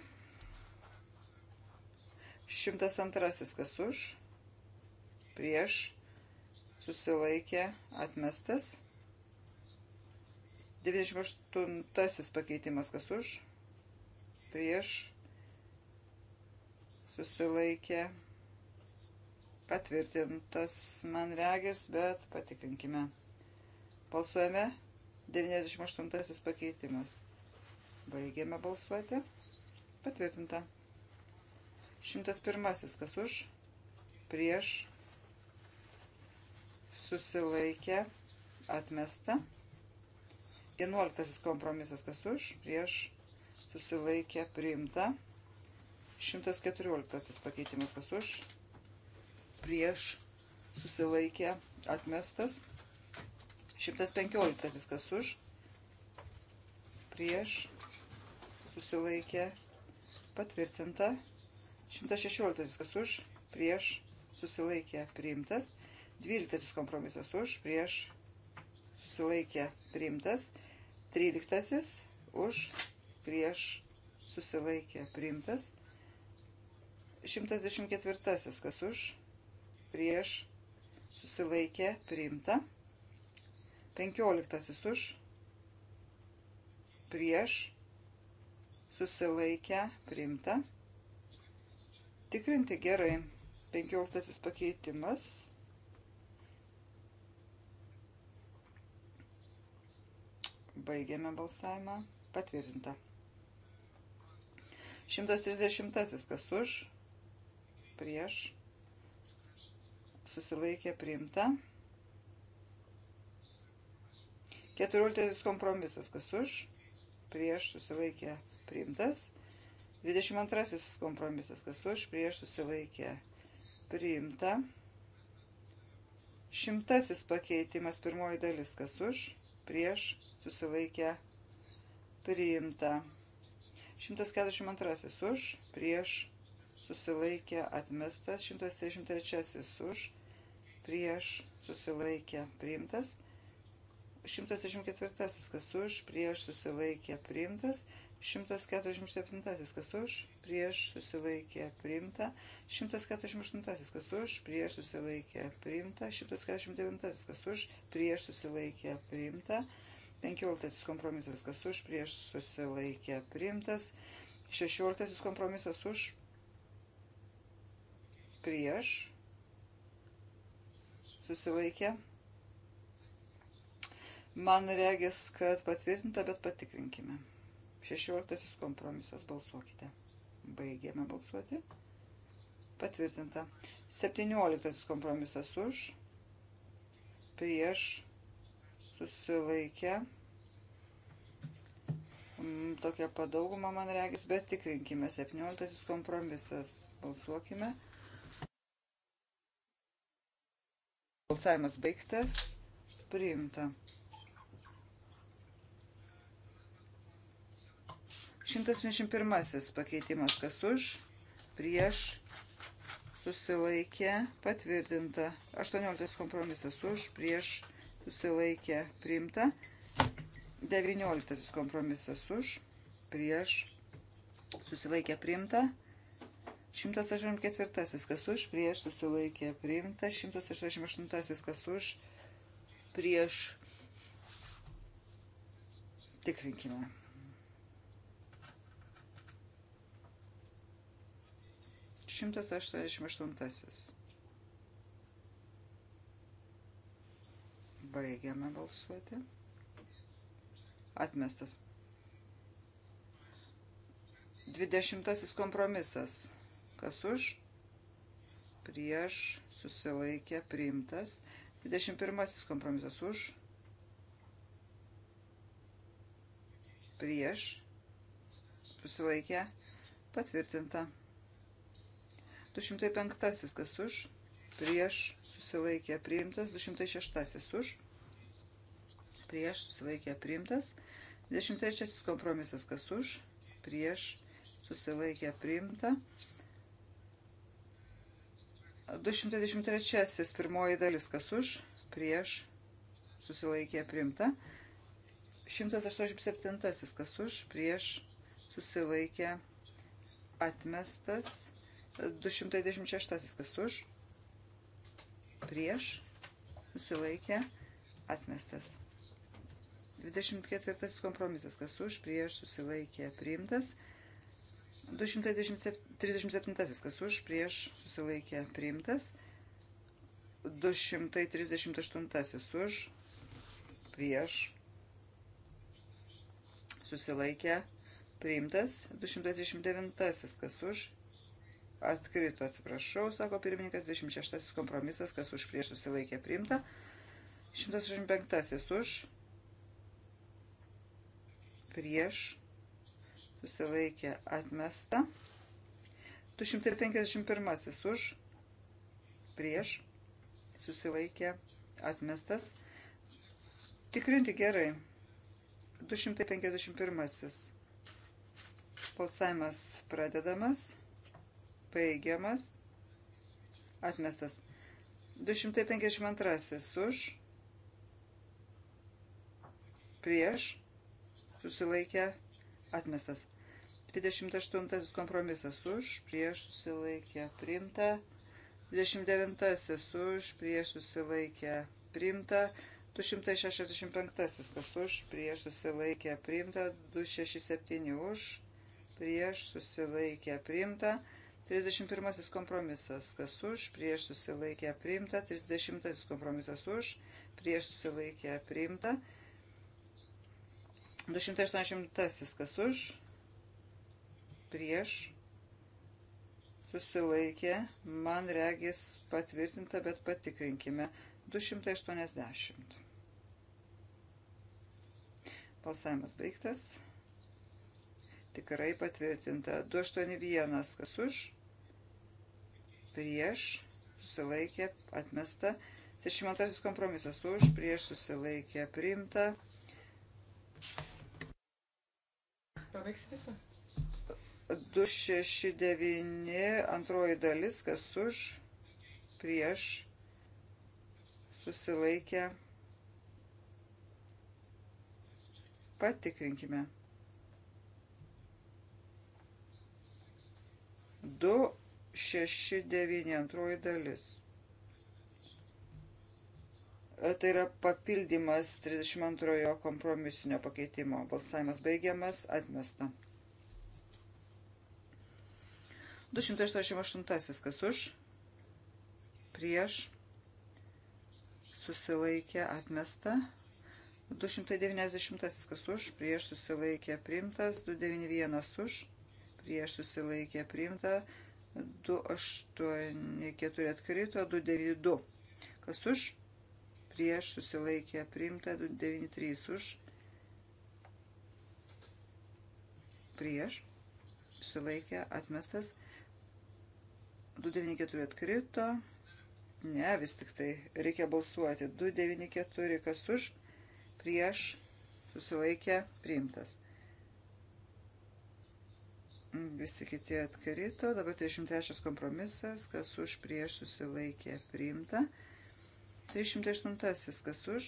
S2: 102 kas už, prieš, susilaikė, atmestas. 98 pakeitimas kas už, prieš, susilaikė, patvirtintas, man regis, bet patikrinkime. Balsuojame 98 pakeitimas. Baigėme balsuoti. Patvirtinta. 101. Kas už? Prieš. Susilaikė. Atmesta. 11. Kompromisas. Kas už? Prieš. Susilaikė. Priimta. 114. Pakeitimas. Kas už? Prieš. Susilaikė. Atmestas. 115. Kas už? Prieš. Susilaikė. Patvirtinta. 116 kas už, prieš, susilaikė priimtas. 12 kompromisas už, prieš, susilaikė priimtas. 13 už, prieš, susilaikė priimtas. 114 kas už, prieš, susilaikė priimta. 15 už, prieš, susilaikė priimta tikrinti gerai. 15 pakeitimas. Baigėme balsavimą. Patvirtinta. 130 kas už, prieš, susilaikė priimta. 14 kompromisas kas už, prieš, susilaikė priimtas. 22 kompromisas, kas už prieš susilaikė priimta. Šimtasis pakeitimas pirmoji dalis, kas už prieš susilaikė priimta. 142 už prieš susilaikė atmestas. 133 už prieš susilaikė priimtas. 134 kas už prieš susilaikė priimtas. 147. Kas už, prieš susilaikė priimta. 148. Kas už, prieš susilaikė priimta. 149. Kas už, prieš susilaikė priimta. 15. Kompromisas. Kas už, prieš susilaikė priimtas. 16. Kompromisas už, prieš susilaikė. Man regis, kad patvirtinta, bet patikrinkime. 16 kompromisas balsuokite. Baigiame balsuoti. Patvirtinta. 17 kompromisas už. Prieš susilaikę. Mm, tokia padauguma man regis, bet tikrinkime. 17 kompromisas. Balsuokime. Balsavimas baigtas. Priimta. 121 pakeitimas kas už, prieš, susilaikė, patvirtinta. 18 kompromisas už, prieš, susilaikė, priimta. 19 kompromisas už, prieš, susilaikė, priimta. 184 kas už, prieš susilaikė priimta, 188 kas už, prieš tikrinkime. 188. Baigiame balsuoti. Atmestas. 20 kompromisas. Kas už? Prieš susilaikė priimtas. 21 kompromisas už. Prieš susilaikė patvirtinta. 205 kas už, prieš susilaikė priimtas, 206 už, prieš susilaikė priimtas, 23 kompromisas kas už, prieš susilaikė priimta, 223 pirmoji dalis kas už, prieš susilaikė priimta, 187 kas už, prieš susilaikė atmestas, 226 kas už, prieš, susilaikė, atmestas. 24 kompromisas kas už, prieš, susilaikė, priimtas. 237 kas už, prieš, susilaikė, priimtas. 238 už, prieš, susilaikė, priimtas. 239 kas už, atkrito, atsiprašau, sako pirmininkas, 26 kompromisas, kas už prieš susilaikė priimta, 185 už, prieš susilaikė atmesta, 251 už, prieš susilaikė atmestas, tikrinti gerai, 251 balsavimas pradedamas, 251 baigiamas, atmestas. 252 už, prieš, susilaikė, atmestas. 28 kompromisas už, prieš, susilaikė, priimta. 29 už, prieš, susilaikė, priimta. 265 kas už, prieš, susilaikė, priimta. 267 už, prieš, susilaikė, priimta. 268 31 kompromisas, kas už, prieš susilaikę priimta, 30 kompromisas už, prieš susilaikę priimta, 280 kas už, prieš susilaikė, man regis patvirtinta, bet patikrinkime, 280. Balsavimas baigtas. Tikrai patvirtinta. 281 kas už prieš, susilaikė, atmesta. 32 kompromisas už, prieš, susilaikė, priimta. Pabaigs visą. 269 antroji dalis, kas už, prieš, susilaikė. Patikrinkime. 2 692 antroji dalis. E, tai yra papildymas 32 kompromisinio pakeitimo. Balsavimas baigiamas, atmesta. 288 kas už, prieš, susilaikė, atmesta. 290 kas už, prieš susilaikė primtas, 291 už, prieš susilaikė primta, 284 atkrito, 292. Kas už? Prieš susilaikė priimta, 293 už. Prieš susilaikė atmestas, 294 atkrito. Ne, vis tik tai reikia balsuoti. 294 kas už? Prieš susilaikė priimtas. 295. Visi kiti atkrito. Dabar 33 kompromisas, kas už prieš susilaikė priimta. 308 kas už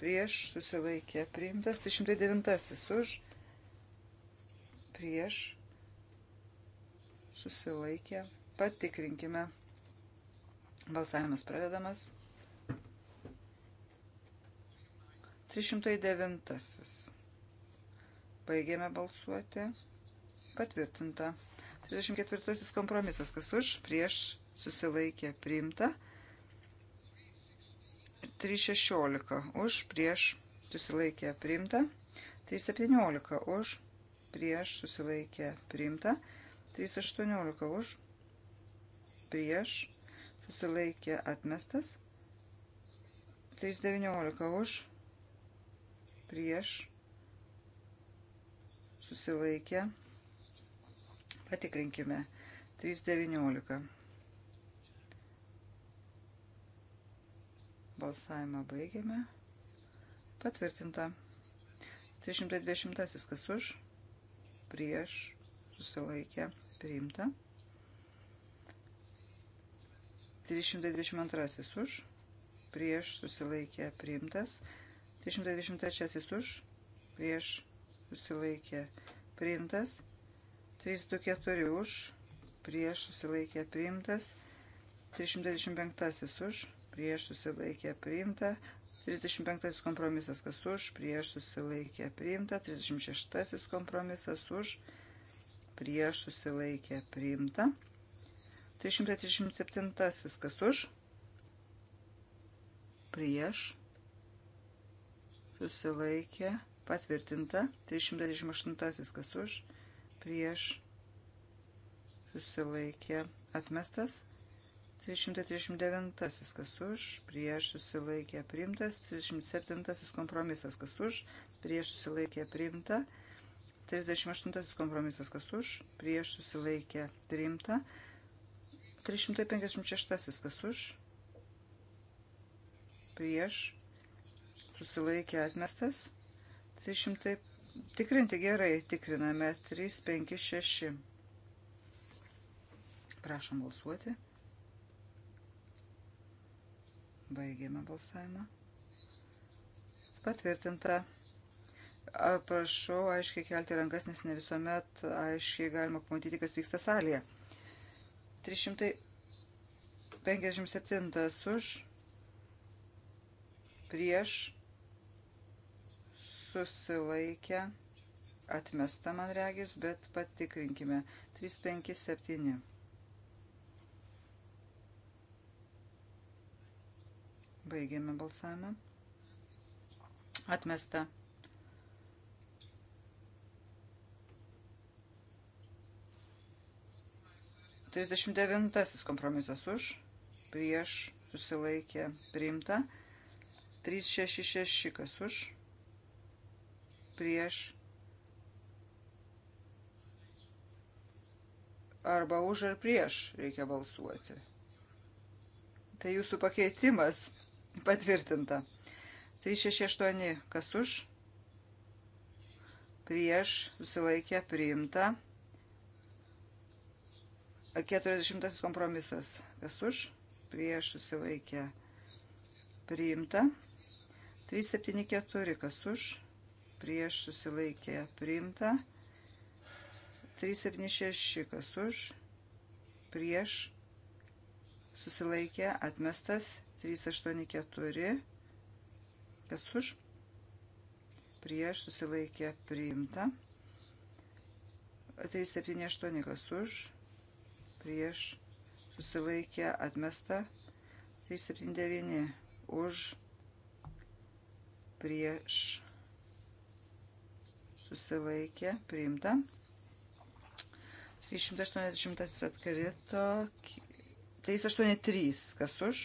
S2: prieš susilaikė priimtas. 309 už prieš susilaikė. Patikrinkime. Balsavimas pradedamas. 309. Baigėme balsuoti patvirtinta. 34 kompromisas, kas už, prieš, susilaikė, priimta. 316 už, prieš, susilaikė, priimta. 317 už, prieš, susilaikė, priimta. 318 už, prieš, susilaikė, atmestas. 319 už, prieš, susilaikė, atmestas susilaikė Patikrinkime. 3.19. Balsavimą baigiame. Patvirtinta. 320. Kas už? Prieš. Susilaikė. Priimta. 322. Už. Prieš. Susilaikė. Priimtas. 323. Už. Prieš. Susilaikė. Priimtas. 324 už, prieš susilaikė priimtas, 325 už, prieš susilaikė priimta, 35 kompromisas kas už, prieš susilaikė priimta, 36 kompromisas už, prieš susilaikė priimta, 337 kas už, prieš susilaikė patvirtinta, 328 kas už, prieš susilaikė atmestas. 339 kas už, prieš susilaikė priimtas, 37 kompromisas kas už, prieš susilaikė priimta, 38 kompromisas kas už, prieš susilaikė priimta, 356 kas už, prieš susilaikė atmestas, 356 Tikrinti gerai, tikriname 3, 5, 6. Prašom balsuoti. Baigėme balsavimą. Patvirtinta. Prašau aiškiai kelti rankas, nes ne visuomet aiškiai galima pamatyti, kas vyksta salėje. 357 už prieš susilaikę, atmesta man regis, bet patikrinkime. 357. Baigėme balsavimą. Atmesta. Trisdešimt devintasis kompromisas už, prieš, susilaikė, priimta. 366 kas už prieš arba už ar prieš reikia balsuoti. Tai jūsų pakeitimas patvirtinta. 368 kas už, prieš susilaikė priimta. 40 kompromisas kas už, prieš susilaikė priimta. 374 kas už, prieš susilaikė priimta. 376 kas už, prieš susilaikė atmestas. 384 kas už, prieš susilaikė priimta. 378 kas už, prieš susilaikė atmesta. 379 už, prieš susilaikė, priimta. 380 atkrito, 383, kas už,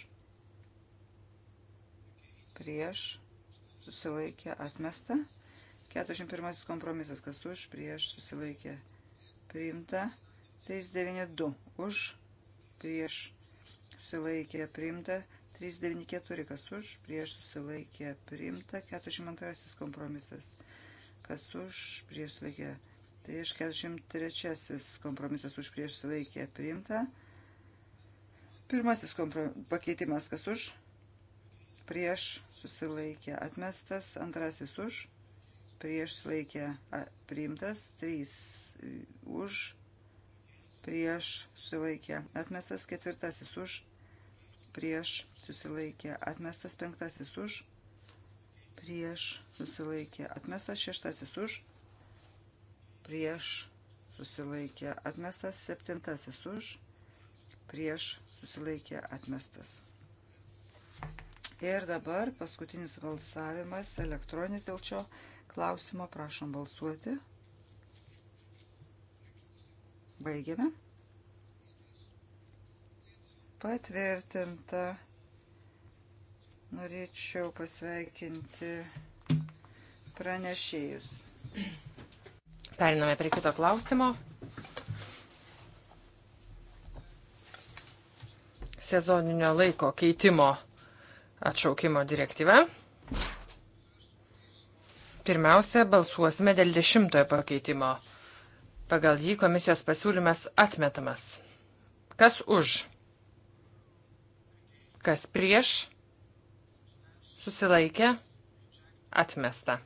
S2: prieš, susilaikė, atmesta. 41 kompromisas, kas už, prieš, susilaikė, priimta. 392, už, prieš, susilaikė, priimta. 394 kas už, prieš susilaikė priimta, 42 kompromisas kas už prieš laikė. Prieš 43 kompromisas už prieš laikė priimta. Pirmasis pakeitimas kas už prieš susilaikė atmestas, antrasis už prieš susilaikė priimtas, trys e, už prieš susilaikė atmestas, ketvirtasis už prieš susilaikė atmestas, penktasis už prieš susilaikė atmestas šeštasis už, prieš susilaikė atmestas septintasis už, prieš susilaikė atmestas. Ir dabar paskutinis balsavimas elektroninis dėl šio klausimo. Prašom balsuoti. Baigiame. Patvirtinta Norėčiau pasveikinti
S1: pranešėjus. Periname prie kito klausimo. Sezoninio laiko keitimo atšaukimo direktyva. Pirmiausia, balsuosime dėl dešimtojo pakeitimo. Pagal jį komisijos pasiūlymas atmetamas. Kas už? Kas prieš? susilaikė, atmesta.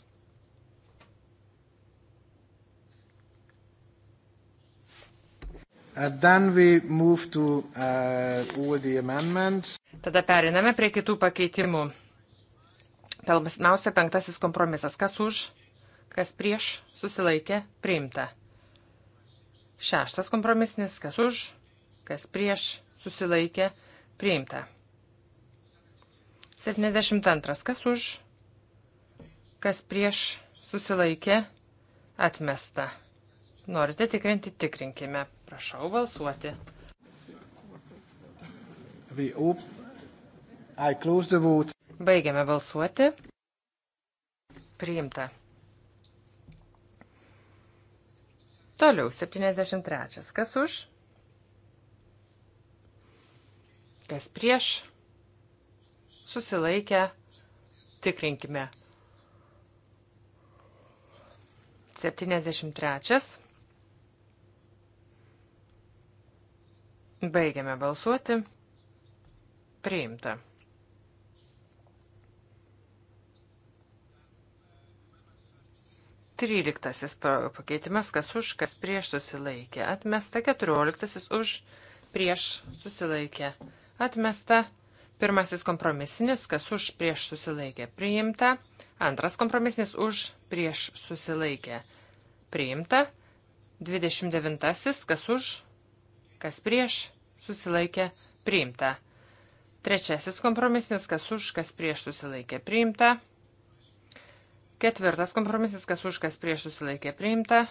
S1: Uh, to, uh, Tada periname prie kitų pakeitimų. Pelmasmiausia penktasis kompromisas. Kas už, kas prieš, susilaikė, priimta. Šeštas kompromisinis. Kas už, kas prieš, susilaikė, priimta. 72. Kas už, kas prieš susilaikė, atmesta. Norite tikrinti, tikrinkime. Prašau balsuoti. Baigiame balsuoti. Priimta. Toliau 73. Kas už? Kas prieš? susilaikę, tikrinkime. 73. Baigiame balsuoti. Priimta. Tryliktasis pakeitimas, kas už, kas prieš susilaikė. Atmesta keturioliktasis už, prieš susilaikė. Atmesta keturioliktasis Pirmasis kompromisinis, kas už prieš susilaikė priimta. Antras kompromisinis už prieš susilaikė priimta. 29. kas už, kas prieš susilaikė priimta. Trečiasis kompromisinis, kas už, kas prieš susilaikė priimta. Ketvirtas kompromisinis, kas už, kas prieš susilaikė priimta.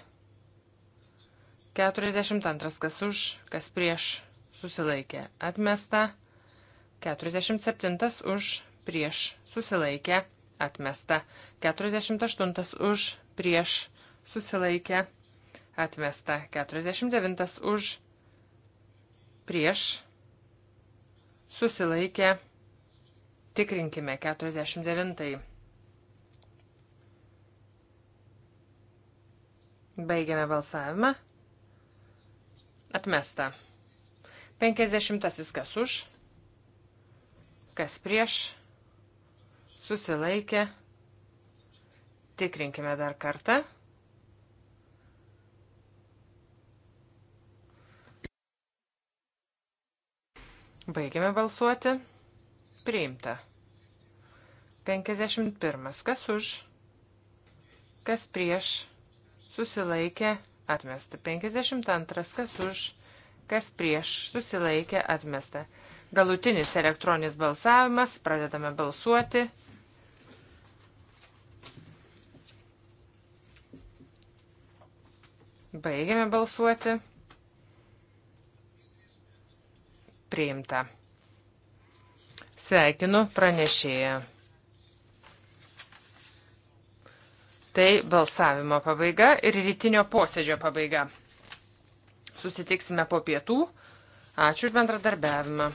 S1: 42. kas už, kas prieš susilaikė atmesta. 47 už prieš susilaikę atmesta. 48 už prieš susilaikę atmesta. 49 už prieš susilaikę. Tikrinkime 49. Baigiame balsavimą. Atmesta. 50 kas už kas prieš, susilaikė, tikrinkime dar kartą. Baigiame balsuoti. Priimta. 51. Kas už? Kas prieš? Susilaikė. Atmesta. 52. Kas už? Kas prieš? Susilaikė. Atmesta. 53. Galutinis elektroninis balsavimas. Pradedame balsuoti. Baigiame balsuoti. Priimta. Sveikinu pranešėją. Tai balsavimo pabaiga ir rytinio posėdžio pabaiga. Susitiksime po pietų. Ačiū už bendradarbiavimą.